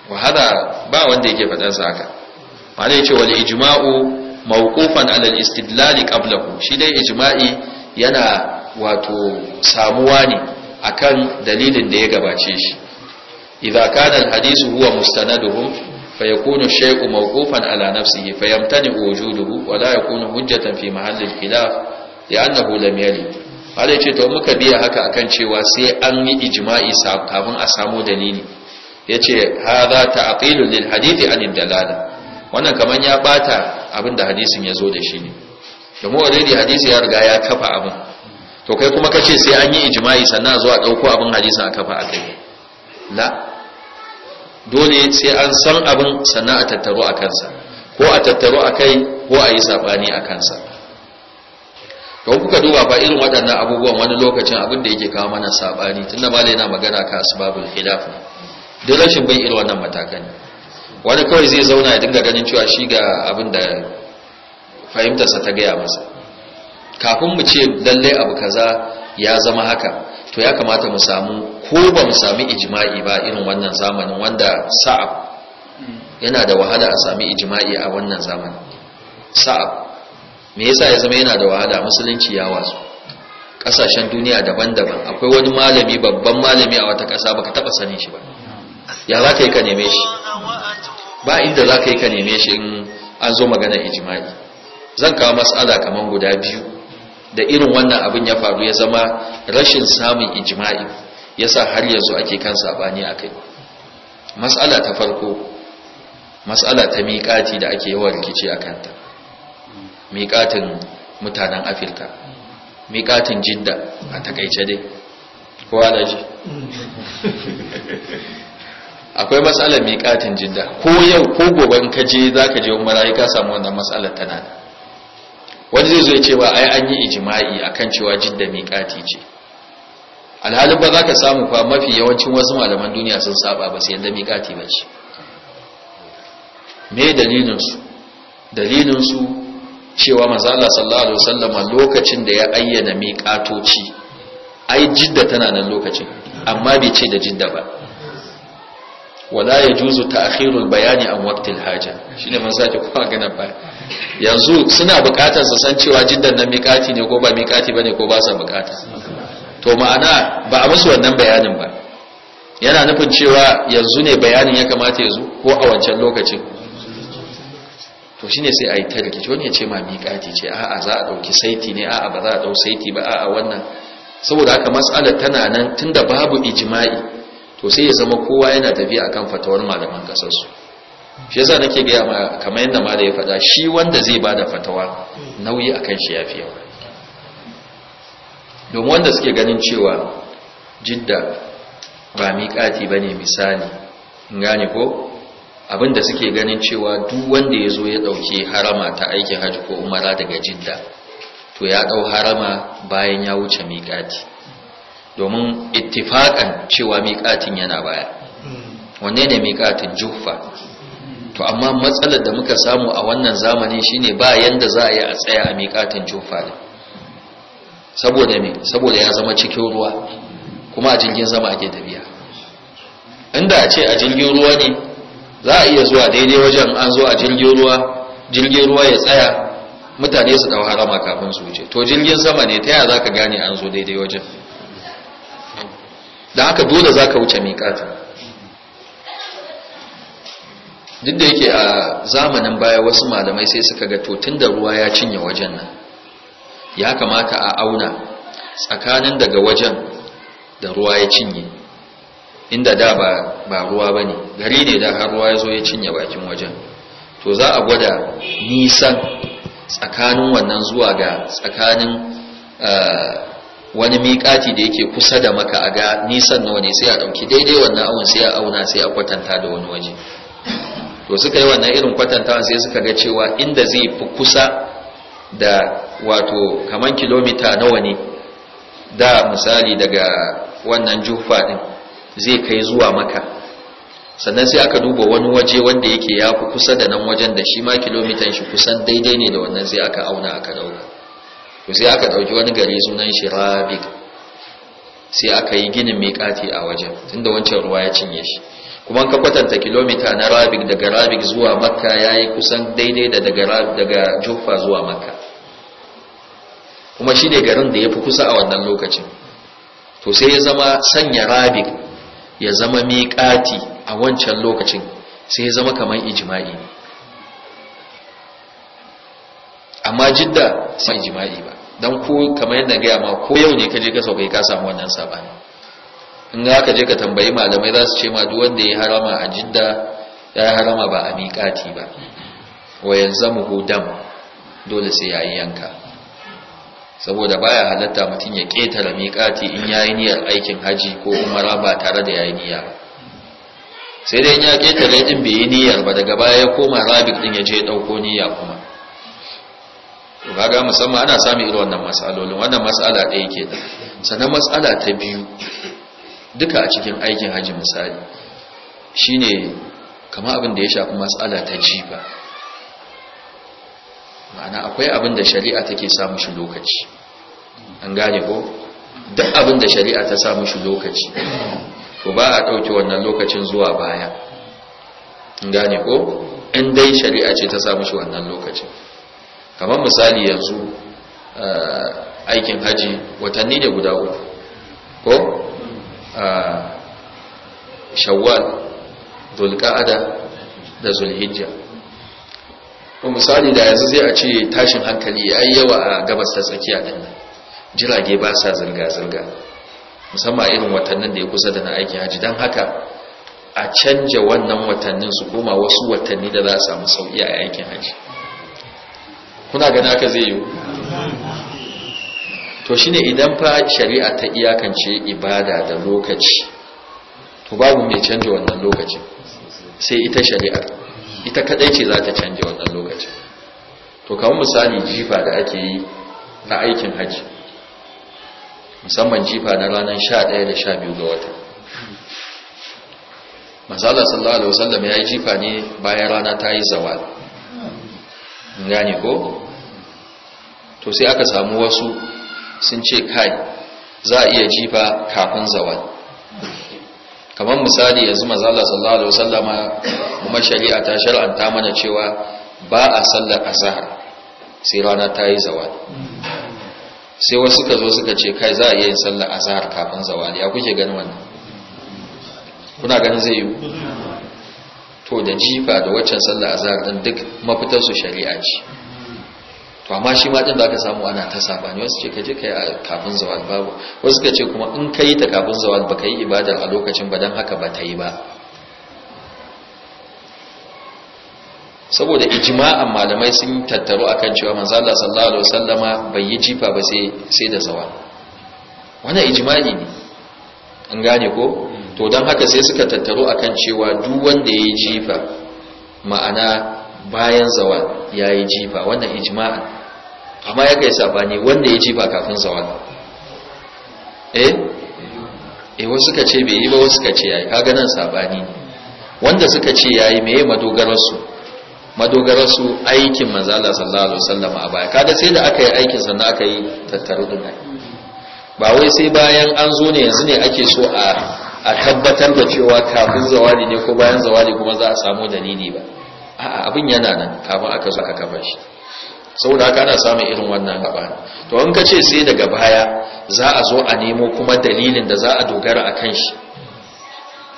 wa ba wanda yake faɗar sa haka malai ce wal ijma'u mawqufan ala al istidlal qablahu shi dai ijima'i yana wato samuwa ne akan dalilin da ya gabace shi idza kana al hadisu huwa mustanaduhum فيكون الشيء موقوفا على نفسه فيمتنع وجوده ولا يكون حجة في محل الخلاف لأنه لم يلد هذا يجي to muka biya haka akan cewa sai an yi ijma'i kafin a samu dalili yace hadha ta'qilun lil hadith an dalala wannan kaman ya bata abinda hadisin yazo da shi ne domin already hadisi ya riga ya kafa abin to kai kuma kace sai an yi ijma'i sannan zo a dauko abin hadisin a kafa akai la dole sai an san abin sana a tattaro a kansa ko a tattaro a kai ko a yi saɓani a kansa don kuka duba fa irin waɗannan abubuwan wani lokacin abin da yake kawo mana saɓani tun da malai yana magana ka asbabul khilaf ne duk rashin bin irin wannan matakan wani kawai zai zauna ya dinga ganin cewa shi ga abin da fahimtarsa ta gaya masa kafin mu ce lallai abu kaza ya zama haka to ya kamata mu samu ko ba mu sami ijma'i ba irin wannan zamanin wanda sa'ab yana da wahala a sami ijma'i a wannan zamanin sa'ab me yasa ya zama yana da wahala musulunci ya wasu kasashen duniya daban-daban akwai wani malami babban malami a wata kasa baka taba sanin shi ba ya za ka yi ka neme shi ba inda za ka yi ka neme shi in an zo magana ijma'i zan kawo matsala kamar guda biyu da irin wannan abin ya faru ya zama rashin samun ijma'i yasa har yanzu ake kan sabani akai mas'ala ta farko mas'ala ta miƙati da ake yawan rikici akan ta miƙatin mutanen Afirka miƙatin Jidda a takaice dai kowa da ji akwai matsalar miƙatin jidda ko yau ko goban kaje za ka je umara ka samu wannan matsalar tana wani zai zai cewa ai an yi ijima'i akan cewa jidda miƙati ce alhalin ba za ka samu fa mafi yawancin wasu malaman duniya sun saba ba sai yadda miƙati ba shi me dalilinsu dalilinsu cewa mazala sallallahu alaihi wasallama lokacin da ya ayyana miƙatoci ai jidda tana nan lokacin amma bai ce da jidda ba wala ya juzu ta'khirul bayani an waqtil haja ne mun sake kuma ganin ba yanzu suna bukatar su san cewa jiddan nan miƙati ne ko ba miƙati bane ko ba sa bukata to ma'ana ba a musu wannan bayanin ba yana nufin cewa yanzu ne bayanin ya kamata ya zo ko a wancan lokacin to shine sai a yi ta rikici wani ya ce ma miƙati ce a'a za a ɗauki saiti ne a'a ba za a ɗau saiti ba a'a wannan saboda haka matsalar tana nan tunda babu ijima'i. to sai ya zama kowa yana tafiya akan fatawar malaman kasarsu shi yasa nake gaya ma kamar yadda ma da ya faɗa shi wanda zai bada fatawa nauyi akan shi fi yawa domin wanda suke ganin cewa jidda ba miƙati ba ne misali gane ko abinda suke ganin cewa duk wanda ya zo ya ɗauke harama ta aikin hajji ko umara daga jidda to ya ɗau harama bayan ya wuce miƙati domin ittifaƙan cewa miƙatin yana baya wanne ne miƙatin jufa to amma matsalar da muka samu a wannan zamanin shine ba yanda za a yi a tsaya a miƙatin jufa ne saboda me saboda ya zama cikin ruwa kuma a jirgin zama ake tafiya inda a ce a jirgin ruwa ne za a iya zuwa daidai wajen an zo a jirgin ruwa jirgin ruwa ya tsaya mutane su ɗau harama kafin su wuce to jirgin sama ne ta yaya za ka gane an zo daidai wajen da haka dole za ka wuce miƙatin duk da yake a zamanin baya wasu malamai sai suka ga to tun da ruwa ya cinye wajen nan ya kamata a auna tsakanin daga wajen da ruwa ya cinye inda da ba ruwa ba ne gari ne da har ruwa ya zo ya cinye bakin wajen to za a gwada nisan tsakanin wannan zuwa ga tsakanin eh, wani miƙati da yake kusa da maka a ga nisan nawa ne sai a ɗauki daidai wannan awon sai a auna sai a kwatanta da wani waje to suka yi wannan irin kwatantawa sai suka ga cewa inda zai fi kusa da wato kaman kilomita nawa ne da misali daga wannan jufa din zai kai zuwa maka sannan sai aka duba wani waje wanda yake ya fi kusa da nan wajen da shi ma kilomitan shi kusan daidai ne da wannan sai aka auna aka dauka to sai aka dauki wani gari sunan shi rabik sai aka yi ginin kati a wajen tunda wancan ruwa ya cinye shi kuma ka kwatanta kilomita na rabik daga rabik zuwa makka ya yi kusan daidai da daga jufa zuwa makka kuma shi ne garin da ya fi kusa a wannan lokacin to sai ya zama sanya rabik ya zama miƙati a wancan lokacin sai ya zama kamar ijima'i ne amma jidda sai ijima'i ba don ko kamar yadda gaya ma ko yau ne ka je ka kai ka samu wannan sabani in aka ka je ka tambayi malamai za su ce ma duk wanda ya harama a jidda ya harama ba a miƙati ba wayan zama hudan dole sai ya yi yanka saboda baya halatta mutum ya ƙetare miƙati in ya yi niyyar aikin haji ko umara ba tare da ya yi niyya sai dai ya ƙetare din bai yi niyyar ba daga baya ya koma rabik din ya je ɗauko niyya kuma kaga musamman ana samun irin wannan matsalolin wannan matsala ɗaya ke sannan matsala ta biyu duka a cikin aikin haji misali shine kama abin da ya shafi matsala ta jifa ma'ana akwai abin da shari'a take samu shi lokaci an gane ko duk abin da shari'a ta samu shi lokaci ko ba a ɗauki wannan lokacin zuwa baya an gane ko in dai shari'a ce ta samu shi wannan lokacin kamar misali yanzu eh, aikin haji watanni ne guda uku ko shawwal zulqa'ada da zulhijja ko misali da yanzu zai a ce tashin hankali ai yawa a gabas ta tsakiya din jirage ba sa zirga zirga musamman irin watannin da ya kusa da na aiki haji dan haka a canja wannan watannin su koma wasu watanni da za a samu sauki a aikin haji kuna gani haka zai yi to shine idan fa shari'a ta iyakance ibada da lokaci to babu mai canja wannan lokacin sai ita shari'a ita kadai ce za ta canja wannan lokacin to kamar misali jifa da ake yi na aikin haji musamman jifa na ranar 11 da 12 ga wata masala sallallahu alaihi wasallam ya yi jifa ne bayan rana ta yi zawal gane ko to sai aka samu wasu sun ce kai za a iya ji ba kafin zawal kamar misali yanzu mazala sallallahu alaihi wasallama kuma shari'a ta shar'anta mana cewa ba a sallar asahar sai rana ta yi zawal sai wasu ka zo suka ce kai za a iya yin sallar asahar kafin Zawal. ya kuke ganin wannan kuna ganin zai yi to da jifa da waccan sallar azhar din duk mafitar su shari'a ce to amma shi ma din da aka samu ana ta sabani wasu ce kaje kai kafin zawal babu wasu ka ce kuma in kai ta kafin zawal baka yi ibada a lokacin ba dan haka ba ta yi ba saboda ijma'an malamai sun tattaru akan cewa manzo Allah sallallahu alaihi wasallama bai yi jifa ba sai sai da zawal wannan ijma'i ne an gane ko to don haka sai suka tattaro akan cewa duk wanda ya yi jifa ma'ana bayan zawal ya yi jifa wannan ijima'a. amma ya kai sabani wanda ya jifa kafin zawal eh eh wasu ka ce bai yi ba wasu ka ce yayi kaga nan sabani ne wanda suka ce yayi yi mai su madogarar su aikin manzo Allah sallallahu alaihi wasallam a baya kaga sai da aka yi aikin sannan aka yi tattaru din ba wai sai bayan an zo ne yanzu ne ake so a a tabbatar da cewa kafin zawali ne ko bayan zawali kuma za a samu dalili ba A'a abin yana nan kama aka zo aka kafa shi saboda haka ana samun irin wannan gaba to in ka ce sai daga baya za a zo a nemo kuma dalilin da za a dogara a kan shi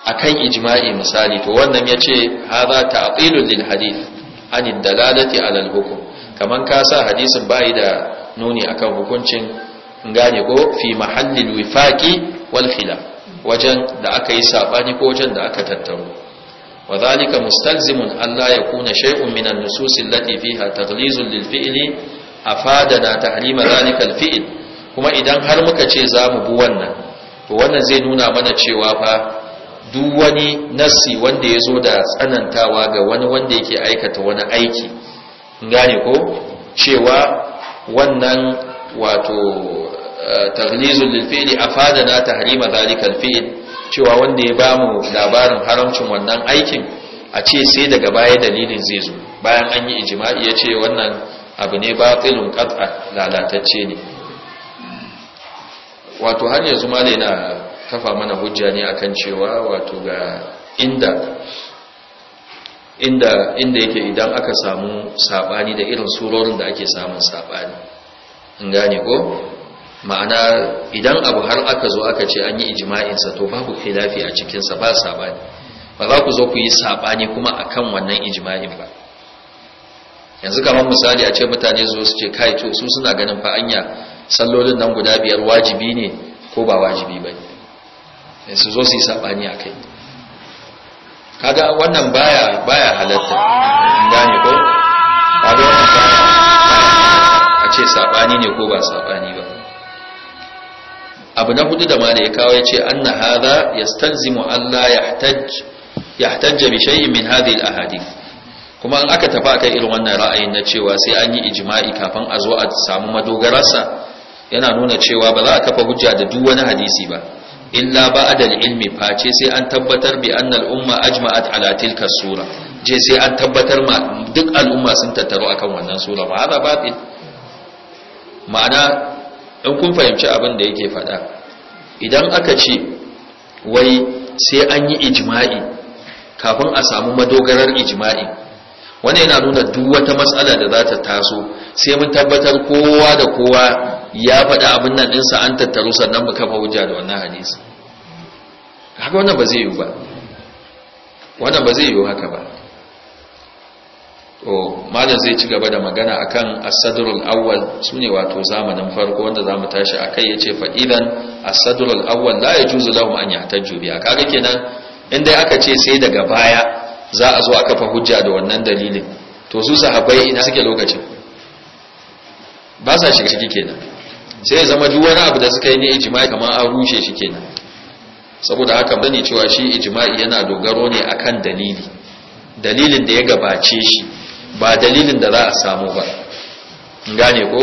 a kan ijma'i misali to wannan ya ce haza ta'tilun lil hadith anid dalalati alal hukum Kamar ka sa hadisin bai da nuni akan hukuncin gane ko fi mahallil wifaqi wal wajen da aka yi sabani ko wajen da aka tattaro wa zalika mustalzimun alla yakuna shay'un min an-nusus allati fiha taghliz lil-fi'li afadana tahrima zalika al-fi'l kuma idan har muka ce za mu bu wannan to wannan zai nuna mana cewa fa duk wani nassi wanda ya zo da tsanantawa ga wani wanda yake aikata wani aiki gane ko cewa wannan wato taglizul lilfi'li afadana tahrima zalikal fi'l cewa wanda ya ba mu labarin haramcin wannan aikin a ce sai daga baya dalilin zai zo bayan an yi ijima'i ya ce wannan abu ne ba batilun qat'a lalatacce ne wato har yanzu ma na kafa mana hujja ne akan cewa wato ga inda inda inda yake idan aka samu sabani da irin surorin da ake samun sabani in gane ko ma'ana idan abu har aka zo aka ce an yi ijima'insa, to babu khilafi a cikinsa ba sabani ba za ku zo ku yi sabani kuma a kan wannan ijma'in ba yanzu kamar misali a ce mutane zo su ce kai to su suna ganin fa anya sallolin nan guda biyar wajibi ne ko ba wajibi ba ne su zo su yi sabani a kai kaga wannan baya baya halatta gane ko wannan a ce sabani ne ko ba sabani ba abu na hudu da ma da ya kawo ya ce anna Allah ya yahtajja bi shay'in min hadhihi al-ahadith kuma in aka tafi akan irin wannan ra'ayin na cewa sai an yi ijma'i kafin a zo a samu madogararsa yana nuna cewa ba za a kafa hujja da duk wani hadisi ba illa ba al-ilmi face sai an tabbatar bi anna al-umma ajma'at ala tilka sura je sai an tabbatar ma duk al'umma sun tattaru akan wannan sura ba hada batil ma'ana in kun fahimci abin da yake faɗa idan aka ce wai sai an yi ijma'i kafin a samu madogarar ijma'i wani yana nuna duk wata matsala da za ta taso sai mun tabbatar kowa da kowa ya faɗa abin nan ɗinsa an tattaru sannan mu kafa hujja da wannan hadisi haka wannan ba zai yiwu ba wannan ba zai yiwu haka ba to malam zai ci gaba da magana akan as-sadrul awwal sune wato zamanin farko wanda zamu tashi akai yace fa idan as-sadrul awwal la yajuzu lahum an yahtaju juriya. kaga kenan indai aka ce sai daga baya za a zo aka fa hujja da wannan dalilin to su sahabbai ina suke lokacin ba sa shiga ciki kenan sai zama duk wani abu da suka yi ne ijma'i kamar an rushe shi kenan saboda haka bane cewa shi ijma'i yana dogaro ne akan dalili dalilin da ya gabace shi ba dalilin da za a samu ba gane ko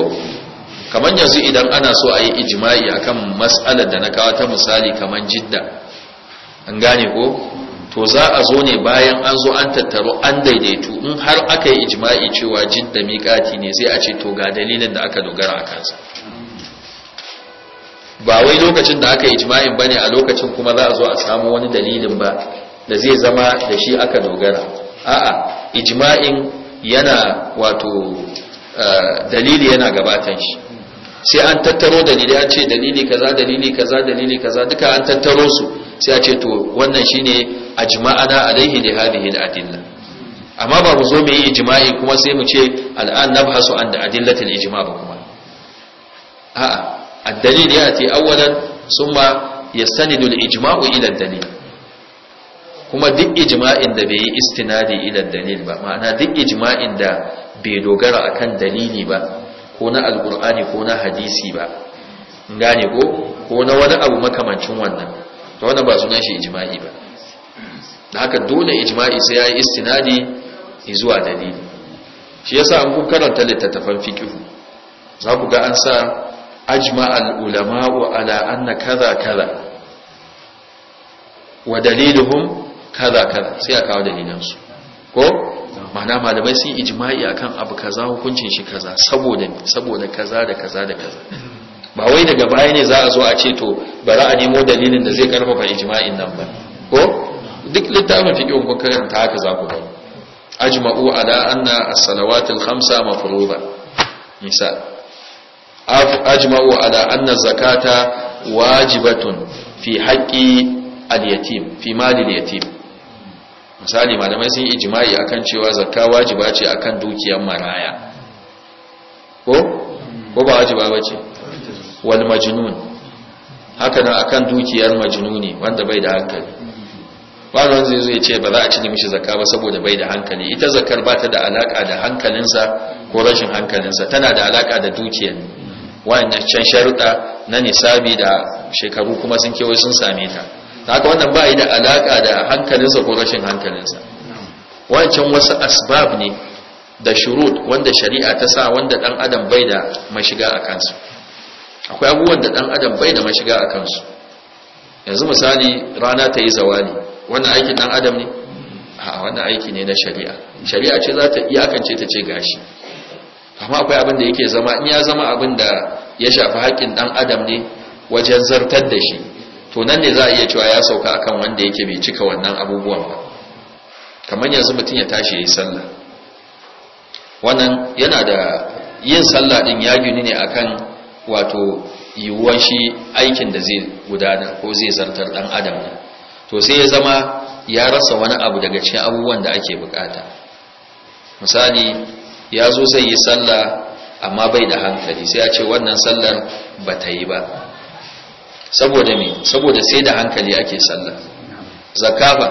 kamar yanzu idan ana so a yi ijima'i akan mas'alar da na kawo ta misali kamar jidda an gane ko to za a zo ne bayan an zo an tattaro an daidaitu in har aka yi ijima'i cewa jidda miƙati ne sai a ce to ga dalilin da aka dogara a kansa ba wai lokacin da aka yi ba bane a lokacin kuma za a zo a samu wani dalilin ba da zai zama da shi aka dogara a'a ijma'in yana wato eh, dalili yana gabatan shi sai an tattaro dalili a ce dalili kaza dalili kaza dalili kaza duka an tattaro su sai a ce to wannan shine ajma'ana alaihi li hadhihi al-adilla amma ba mu zo mu yi ijma'i kuma sai mu ce al'an nabhasu an da adillatul ijma' ba kuma a'a ad-dalil ce awwalan summa yastanidu al-ijma'u ila ad-dalil kuma duk ijma'in da bai yi istinadi ila dalil ba ma'ana duk ijma'in da bai dogara akan dalili ba ko na alkur'ani ko na hadisi ba gane ko ko na wani abu makamancin wannan to wannan ba sunan shi ijma'i ba da haka dole ijma'i sai yayi istinadi zuwa dalili shi yasa an kun karanta littattafan fiqh za ku ga an sa ajma'al ulama'u ala anna kaza kaza wa daliluhum kaza kaza sai a kawo dalilansu ko ma'ana malamai sun ijma'i akan abu kaza hukuncin shi kaza saboda saboda kaza da kaza da kaza ba wai daga baya ne za a zo a ce to bari a nemo dalilin da zai karfafa ijma'in nan ba ko duk littafin fiqh kun karanta haka za ku ga ajma'u ala anna as-salawat al-khamsa mafruḍa misal ajma'u ala anna zakata wajibatun fi haqqi al-yatim fi mali al-yatim misali malamai sun yi ijimai akan cewa zakka wajiba ce akan dukiyar maraya ko ko ba wajiba bace wal majnun haka nan akan dukiyar majnuni wanda bai da hankali wannan zai zai ce ba za a cire mishi zakka ba saboda bai da hankali ita zakkar ba ta da alaka da hankalinsa ko rashin hankalinsa tana da alaka da dukiyar wayannan can sharuɗa na nisabi da shekaru kuma sun kewaye sun same ta haka wannan ba yi da alaka da hankalinsa ko rashin hankalinsa wancan wasu asbab ne da shurut wanda shari'a ta sa wanda dan adam bai da mashiga a kansu akwai abubuwan da dan adam bai da mashiga a kansu yanzu misali rana ta yi zawali wannan aikin dan adam ne a wannan aiki ne na shari'a shari'a ce za ta iyakance ta ce gashi amma akwai abin da yake zama in ya zama abin da ya shafi haƙƙin dan adam ne wajen zartar da shi to nan ne za a iya cewa ya sauka akan wanda yake bai cika wannan abubuwan ba kamar yanzu mutum ya tashi ya yi sallah wannan yana da yin sallah din ya gini ne akan wato yiwuwar shi aikin da zai gudana ko zai zartar dan adam to sai ya zama ya rasa wani abu daga cikin abubuwan da ake bukata misali ya zo zai yi sallah amma bai da hankali sai ya ce wannan sallar ba ta yi ba saboda me saboda sai da hankali ake sallah zakka ba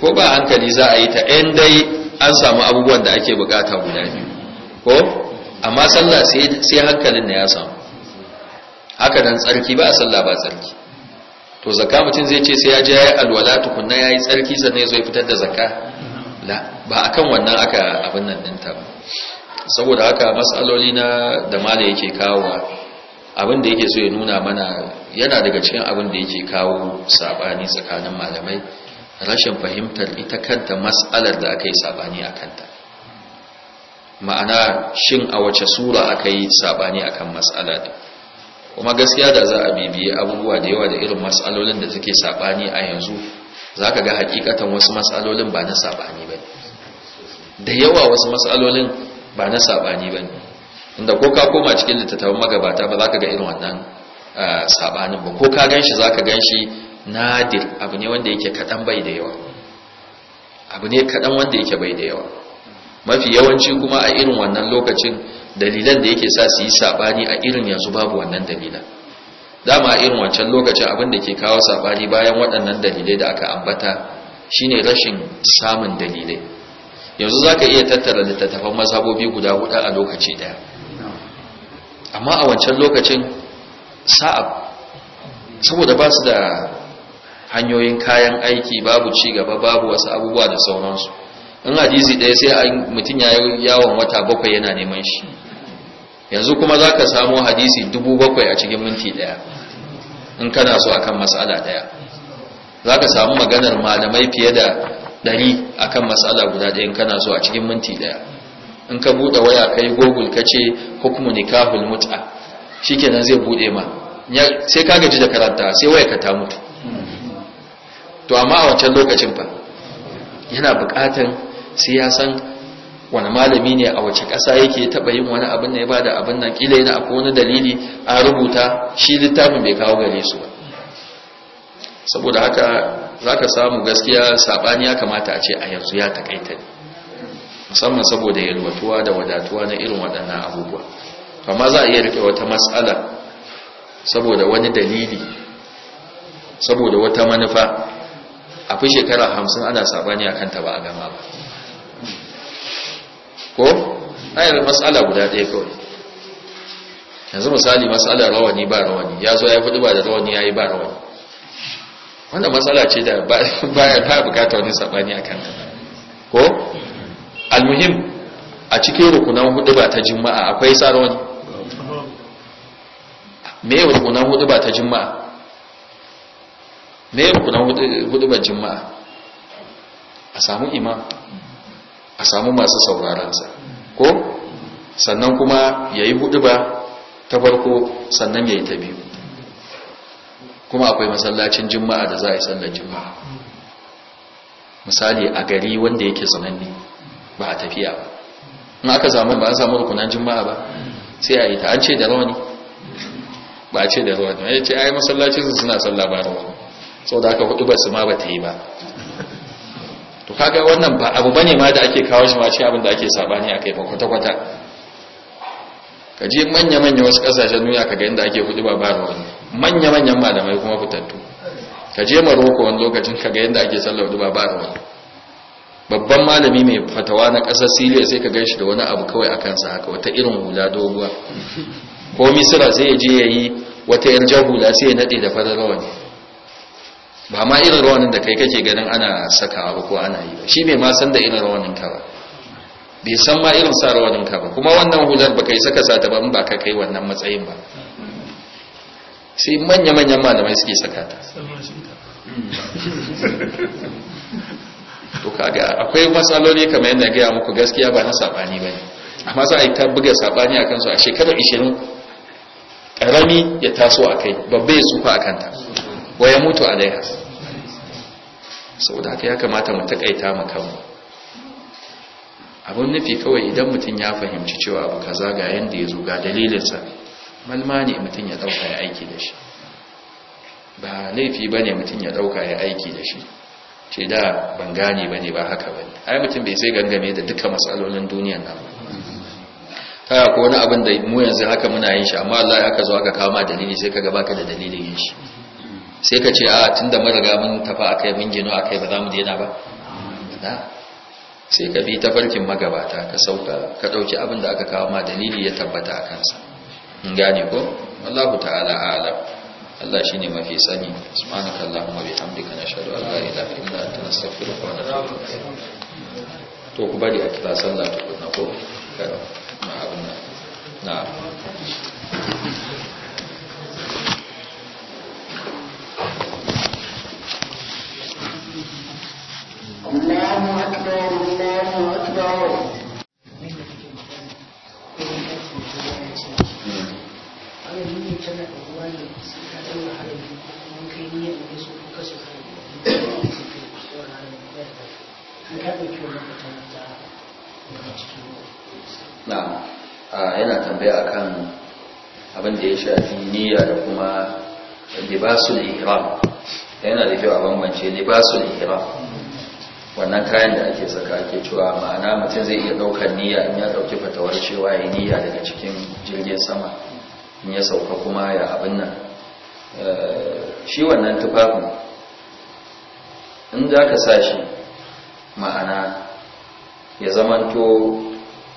ko ba hankali za a yi ta ɗan dai an samu abubuwan da ake bukata guda biyu ko amma sallah sai hankalin da ya samu haka nan tsarki ba a sallah ba tsarki to zakka mutum zai ce sai ya je ya yi alwala tukunna ya yi tsarki sannan zai fitar da zakka ba a kan wannan aka abin nan ɗinta ba saboda haka matsaloli na da mala yake kawowa abin da yake so ya nuna mana yana daga cikin abin da yake kawo sabani tsakanin malamai rashin fahimtar ita kanta matsalar da aka yi sabani a kanta ma'ana shin a wace sura aka yi sabani akan matsala da kuma gaskiya da za a bibiye abubuwa da yawa da irin matsalolin da suke sabani a yanzu za ka ga hakikatan wasu matsalolin ba na sabani ba da yawa wasu matsalolin ba na sabani ba ne inda ko ka koma cikin littattafan magabata ba za ka ga irin wannan sabanin ba ko ka gan shi za ka gan shi nadir abu ne wanda yake kaɗan bai da yawa abu ne kaɗan wanda yake bai da yawa mafi yawanci kuma a irin wannan lokacin dalilan da yake sa su yi sabani a irin yanzu babu wannan dalila dama a irin wancan lokacin abin da ke kawo sabani bayan waɗannan dalilai da aka ambata shine rashin samun dalilai yanzu za ka iya tattara littattafan mazhabobi guda huɗu a lokaci ɗaya. amma a wancan lokacin sa'ab saboda ba su da hanyoyin kayan aiki babu ci gaba babu wasu abubuwa da sauransu in hadisi ɗaya sai mutum ya yi yawon wata bakwai yana neman shi yanzu kuma za ka samo hadisi dubu bakwai a cikin minti daya in kana so akan matsala daya za ka samu maganar malamai fiye da ɗari akan matsala guda daya in kana so a cikin minti daya. in ka buɗe waya kai google ka ce hukumu nikahul mut'a kenan zai buɗe ma sai ka gaji da karanta sai waya ka ta mutu to amma a wancan lokacin fa yana buƙatan sai san wani malami ne a wace ƙasa yake taɓa yin wani abin da ya bada abin nan ƙila yana akwai wani dalili a rubuta shi littafin bai kawo gare su ba saboda haka za ka samu gaskiya saɓani ya kamata a ce a yanzu ya taƙaita ne musamman saboda yalwatuwa da wadatuwa na irin waɗannan abubuwa amma za a iya rike wata matsala saboda wani dalili saboda wata manufa a fi shekara hamsin ana sabani a kanta ba a gama ba ko ayar matsala guda ɗaya kawai yanzu misali matsalar rawani ba rawani ya zo ya yi ba da rawani ya yi ba rawani wanda matsala ce da bayan ta bukata wani sabani a kanta ko almuhim a cikin rukunan hudu ba ta jima'a akwai tsaron me rukunan hudu ba ta jima'a me rukunan hudu ba jima'a a samu imam a samu masu saurarensa ko sannan kuma ya yi hudu ba ta farko sannan ya yi ta biyu kuma akwai masallacin jima'a da za a yi sannan jima'a misali a gari wanda yake sananne ba a tafiya ba in aka samu ba a samu rukunan juma'a ba sai a yi ta an ce da rawani ba a ce da rawani ya ce ai masallacin su suna sallah ba rawani sau da aka hudu ba su ma ba ta yi ba to kaga wannan ba abu bane ma da ake kawo shi ma ce abin da ake sabani a kai ba kwata-kwata ka je manya-manya wasu kasashen duniya ka ga inda ake hudu ba ba rawani manya-manyan malamai kuma fitattu ka je maroko wani lokacin ka ga yadda ake sallar hudu ba ba rawani babban malami mai fatawa na ƙasar siriya sai ka gan shi da wani abu kawai a kansa haka wata irin hula doguwa ko misira sai ya je ya yi wata jan hula sai ya naɗe da farar rawani ba ma irin rawanin da kai kake ganin ana sakawa abu ko ana yi ba shi mai ma san da irin rawanin ka ba bai san ma irin sa rawanin ka ba kuma wannan hular ba kai saka sata ba in ba ka kai wannan matsayin ba sai manya-manyan malamai suke saka ta to kaga akwai matsaloli kamar yadda gaya muku gaskiya ba na sabani ba ne amma za a yi buga sabani a kansu a shekarar 20 karami ya taso a kai babba ya tsufa a kanta waya mutu a daiha saboda haka ya kamata mu takaita mu kanmu abin nufi kawai idan mutum ya fahimci cewa abu kaza ga yanda ya zo ga dalilinsa malma ne mutum ya dauka ya aiki da shi ba laifi ba ne mutum ya dauka ya aiki da shi ce da ban gane ba ne ba haka ba ne ai mutum bai sai gangame da duka matsalolin duniyan nan kaya ko wani abin da mu yanzu haka muna yin shi amma Allah ya aka zo aka kama dalili sai ka gaba da dalilin yin shi sai ka ce a tunda mun riga mun a akai mun gino akai ba za mu daina ba sai ka bi tafarkin magabata ka sauka ka dauki abin da aka kawo ma dalili ya tabbata a kansa in gane ko Allahu ta'ala a'lam Allah shine mafi sani subhanaka allahumma bihamdika nashhadu an la ilaha illa anta nastaghfiruka wa natubu to ku bari a kira sallah tukunna ko na abin nan na الله أكبر الله أكبر Thank you. na yana tambaya akan abin da ya shafi niyya da kuma libasul ihram yana da kyau a bambance libasul ihram wannan kayan da ake saka ake cewa ma'ana mutum zai iya daukar niyya in ya dauki fatawar cewa ya niyya daga cikin jirgin sama in ya sauka kuma ya abin nan shi wannan tufafin in za ka sa shi ma'ana ya zamanto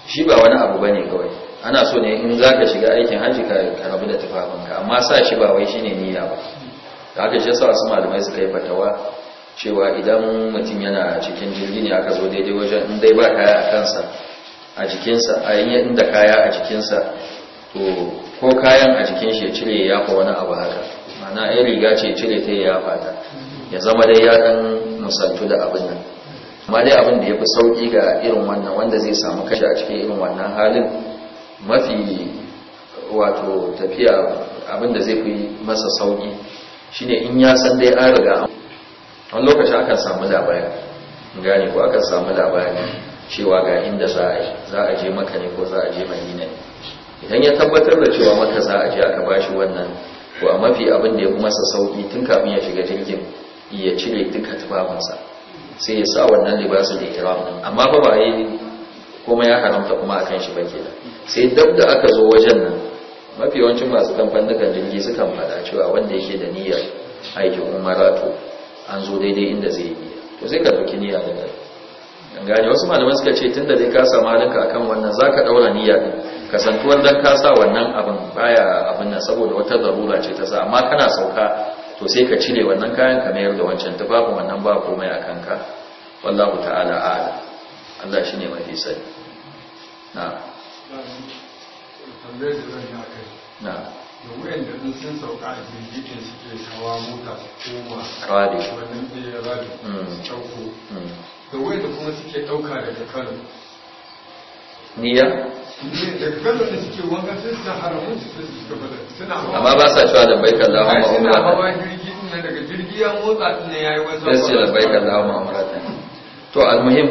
shi ba wani abu ba ne kawai ana so ne in za ka shiga aikin hajji ka rabu da tufafinka amma sa shi ba wai shi ne niyya ba da haka shi yasa wasu malamai suka yi fatawa cewa idan mutum yana cikin jirgi ne aka zo daidai wajen in dai ba kaya a kansa a jikinsa a yin inda kaya a jikinsa to ko kayan a jikin shi ya cire ya fa wani abu haka ma'ana ya riga ce cire ta ya fata ya zama dai ya dan musantu da abin nan amma dai abin da ya fi sauƙi ga irin wannan wanda zai samu kashi a cikin irin wannan halin mafi wato tafiya abin da zai fi masa sauƙi shine in ya san dai an riga wani lokacin akan samu labari gane ko akan samu labari cewa ga inda za a za a je maka ne ko za a je madina ne idan ya tabbatar da cewa maka za a je aka bashi wannan to a mafi abin da ya kuma sa sauki tun kafin ya shiga jirgin ya cire duka tufafinsa sai ya sa wannan libasin da ihram din amma ba ba yi kuma ya haramta kuma akan shi ba da sai dab da aka zo wajen nan mafi yawancin masu kamfanin jirgi sukan fada cewa wanda yake da niyyar aikin umara to an zo daidai inda zai yi to sai ka ɗauki niyya da gani wasu malaman suka ce tun da dai ka samu halinka akan wannan za ka ɗaura niyya ɗin kasantuwar dan ka sa wannan abin baya abin nan saboda wata zarura ce ta sa amma kana sauka to sai ka cire wannan kayan ka mayar da wancan babu wannan ba komai a kanka wallahu ta'ala a'ala Allah shi ne mafi sani na na wayan da in sun sauka a jirgin suke hawa mota su koma radi wannan mm. Mm. da ya radi su da wayan da kuma suke dauka daga kano niya amma ba sa cewa da bai kalla ma umra sai da bai kalla ma umra to almuhim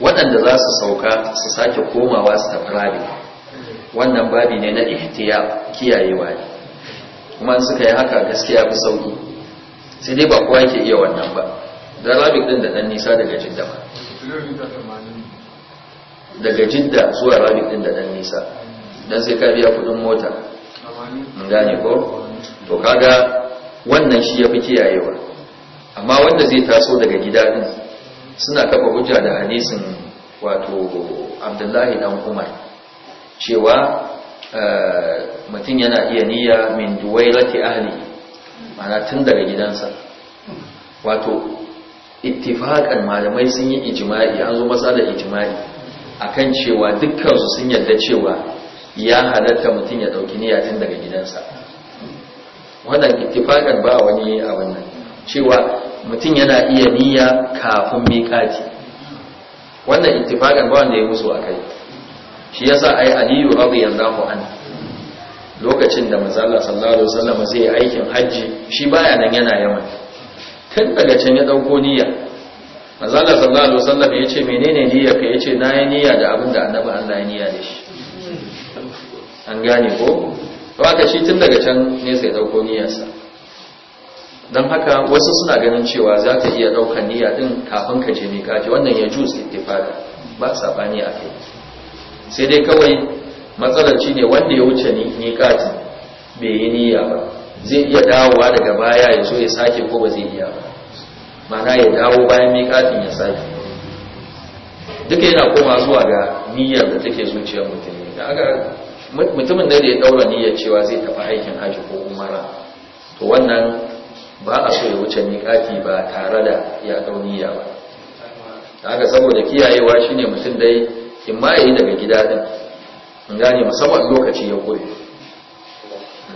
waɗanda za su sauka su sake komawa su tafi rabi wannan babi ne na ihtiya kiyayewa ne kuma suka yi haka gaskiya fi sauki sai dai ba kowa yake iya wannan ba da rabi din da ɗan nisa daga jidda ba daga jidda zuwa rabin din da dan nisa dan sai ka biya kudin mota mun gane ko to kaga wannan shi yafi kiyayewa amma wanda zai taso daga gida din suna kafa hujja da hadisin wato Abdullahi dan Umar cewa eh, mutum yana iya niyya min duwailati ahli mana tun daga gidansa wato ittifaqan malamai sun yi ijma'i an zo da ijma'i akan cewa dukkansu sun yarda cewa ya halatta mutum ya dauki niyya tun daga gidansa wannan ittifakan ba wani abin nan cewa mutum yana iya niyya kafin miƙati wannan ittifakan ba wanda ya musu akai shi yasa ai aliyu radiyallahu anhu lokacin da manzala sallallahu alaihi wasallam zai aikin hajji shi baya nan yana yaman tun daga can ya dauko niyya manzala sallallahu alaihi wasallam ya ce menene niyya ka ya ce na yi niyya da abin da annabi Allah ya niyya da shi an gane ko to aka shi tun daga can ne sai dauko niyyarsa don haka wasu suna ganin cewa za ka iya ɗaukan niyya din kafin ka je miƙaji wannan ya juz ittifaka ba sabani a kai sai dai kawai matsalar shi ne wanda ya wuce miƙaji bai yi niyya ba zai iya dawowa daga baya ya zo ya sake ko ba zai iya ba mana ya dawo bayan miƙatin ya sake duk yana koma zuwa ga niyyar da take zuciyar mutum da aka mutumin da ya daura niyyar cewa zai tafi aikin haji ko umara to wannan ba a so ya wuce miƙati ba tare da ya dau niyya ba haka saboda kiyayewa shine mutum dai in ma yayi daga gida din in gane musamman lokaci ya koyi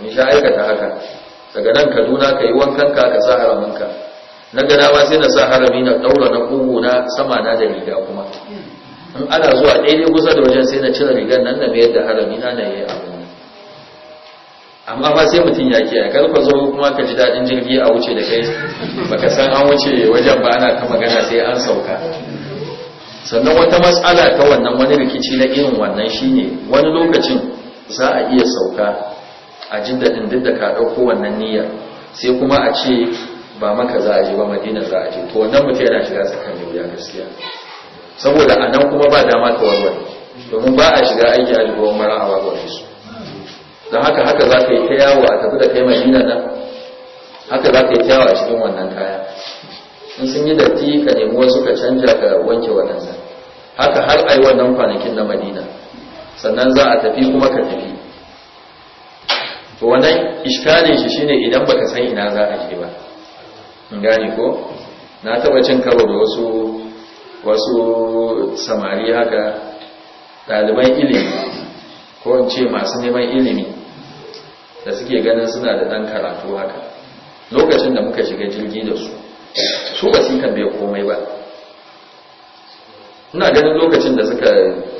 in sha aikata haka daga nan kaduna ka yi wankanka ka sa haraminka na gada ma sai na sa harami na daura na kugu na sama na da riga kuma in ana zuwa daidai kusa da wajen sai na cire rigar nan na mayar da harami na na yi abu amma ba sai mutum ya kiyaye kar ka zo kuma ka ji daɗin jirgi a wuce da kai baka san an wuce wajen ba ana ta magana sai an sauka sannan wata matsala ta wannan wani rikici na irin wannan shine wani lokacin za a iya sauka a jin dadin duk da ka dauko wannan niyyar sai kuma a ce ba maka za a je ba madina za a je to wannan mutum yana shiga tsakanin ya gaskiya saboda a nan kuma ba dama ka warware domin ba a shiga aiki a jibowar mara a warware su don haka haka za ka yi ta yawo a tafi da kai madina nan haka za ka yi ta yawo a cikin wannan kaya in sun yi datti ka nemi wasu ka canja ka wanke waɗannan haka har yi wannan kwanakin na madina sannan za a tafi kuma ka tafi to wannan iskalin shi shine idan baka san ina za a je ba gane ko na taba cin karo da wasu wasu samari haka ɗaliban ilimi ko in ce masu neman ilimi da suke ganin suna da ɗan karatu haka lokacin da muka shiga jirgi da su su ba sun kambe komai ba ina ganin lokacin da suka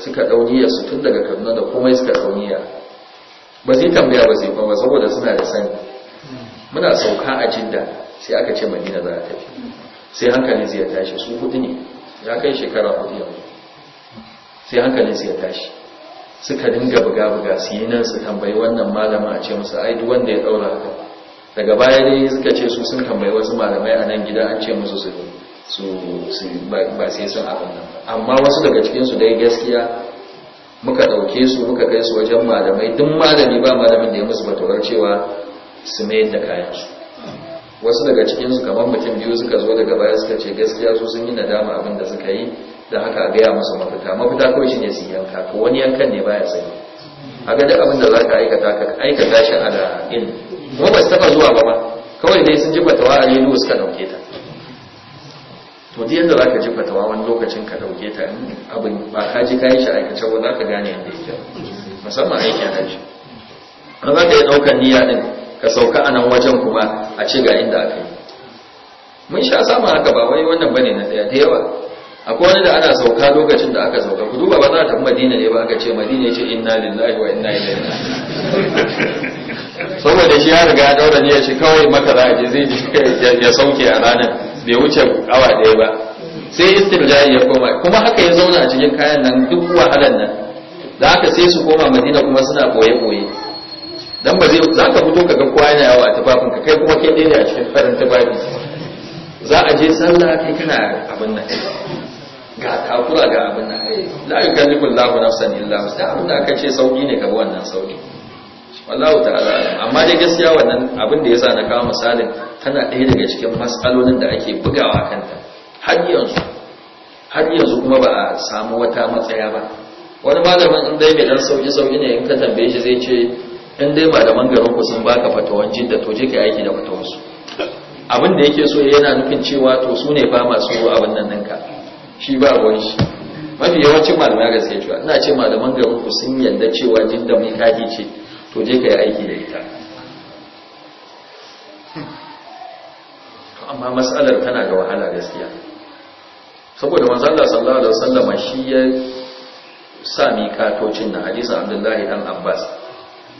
suka dauniya su tun daga kaduna da komai suka dauniya ba su yi tambaya ba sai kuma saboda suna da sani muna sauka a jidda sai aka ce madina za a tafi sai hankalin zai tashi su hudu ne ya kai shekara hudu yau sai hankalin zai tashi suka dinga buga-buga su yi nan su tambayi wannan malama a ce musu ai duk wanda ya daura haka daga baya dai suka ce su sun tambayi wasu malamai a nan gida an ce musu su su ba sai sun abin nan amma wasu daga cikinsu dai gaskiya muka ɗauke su muka kai su wajen malamai duk malami ba malamin da ya musu baturar cewa su mayar da kayansu wasu daga su kamar mutum biyu suka zo daga baya suka ce gaskiya su sun yi nadama abin da suka yi da haka a gaya musu mafita mafita kawai shi ne su yanka ko wani yankan ne baya sani a ga duk abin da za ka aikata ka aikata shi ala in kuma ba su taɓa zuwa ba ba. kawai dai sun jiba tawa a rediyo suka ɗauke ta to duk yadda za ka jiba tawa wani lokacin ka ɗauke ta abin ba ka ji ka yi shi aikace ba za ka gane yadda yake musamman aikin hajji ba za ka yi ɗaukar niyya din ka sauka a nan wajen kuma a ce ga inda aka yi mun sha samun haka ba wai wannan bane na daya da yawa akwai wani da ana sauka lokacin da aka sauka ku duba ba za ta madina ne ba aka ce madina ce inna lillahi wa inna ilaihi saboda shi ya riga ya daura ne ya shi kawai maka za zai ji ya sauke a ranar bai wuce awa daya ba sai istirja'i ya koma kuma haka ya zauna a cikin kayan nan duk wahalar nan da haka sai su koma madina kuma suna boye-boye dan ba zai za ka fito ka ga kowa yana yawa tufafin ka kai kuma kai dai ne a cikin farin tufafi za a je sallah kai kana abin nan ga takura ga abin nan ai la yukallifu Allahu nafsan illa wusa abin da aka ce sauki ne ka wannan sauki wallahu ta'ala amma dai gaskiya wannan abin da yasa na kawo misalin tana ɗaya daga cikin matsalolin da ake bugawa kanta har yanzu har yanzu kuma ba a samu wata matsaya ba wani malamin in dai mai dan sauki sauki ne in ka tambaye shi zai ce in dai ba da mangarin ku sun baka fatawan jidda to je ka aiki da fatawar su abin da yake so yana nufin cewa to su ne ba masu abin nan ninka shi ba ruwan shi mafi yawancin malamai gaskiya cewa ina ce malaman garin ku sun yarda cewa jidda mai kaji ce to je ka yi aiki da ita amma matsalar tana da wahala gaskiya saboda manzo Allah sallallahu alaihi wasallam shi ya sa katocin na hadisi Abdullahi dan Abbas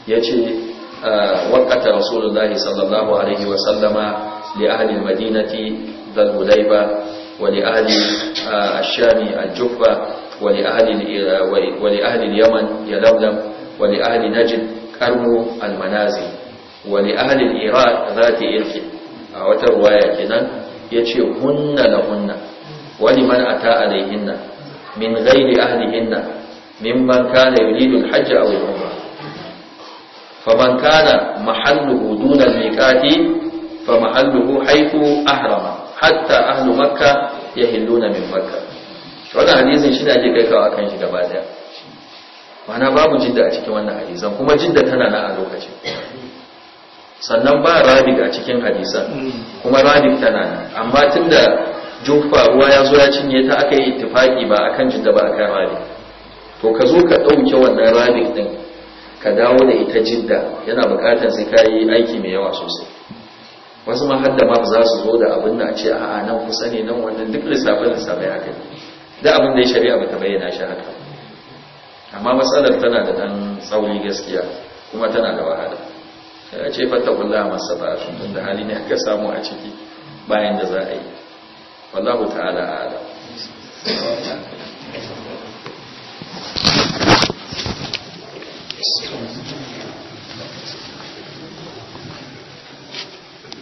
ya ce rasulun ah, rasulullahi sallallahu alaihi wasallama li ahalin madinati dalhulaiba wa li ahalin ashami ah, Aljufa, wa li ahalin ah, yaman ya lamlam wa li ahalin najid karnu almanazi wa li ahalin iraq zati irki a wata ruwaya kenan ya ce hunna na hunna wani man ta'adai hinna min ghairi min mimman kana yuridu hajji a al-umra فمن kana محله دون الميقات fa حيث haythu حتى hatta ahlu makka من min makka wannan hadisin shi ne ake kai kawo akan shi gaba daya mana babu jidda a cikin wannan hadisan kuma jidda tana na a lokacin sannan ba rabig a cikin hadisan kuma rabig tana na amma tunda jufa ruwa ya zo ya cinye ta aka yi ittifaki ba akan jidda ba akan rabig to ka zo ka ɗauke wannan rabig din ka dawo da ita jidda yana bukatar sai ka yi aiki mai yawa sosai wasu ma hadda ma za su zo da abin da a ce a a nan kusa ne nan wannan duk lissafin lissafai haka ne da abin da ya shari'a ba ta bayyana shi haka amma matsalar tana da dan tsauri gaskiya kuma tana da wahala ya ce fata kulla masa ba tun da hali ne aka samu a ciki bayan da za a yi wallahu ta'ala a'lam Thank you.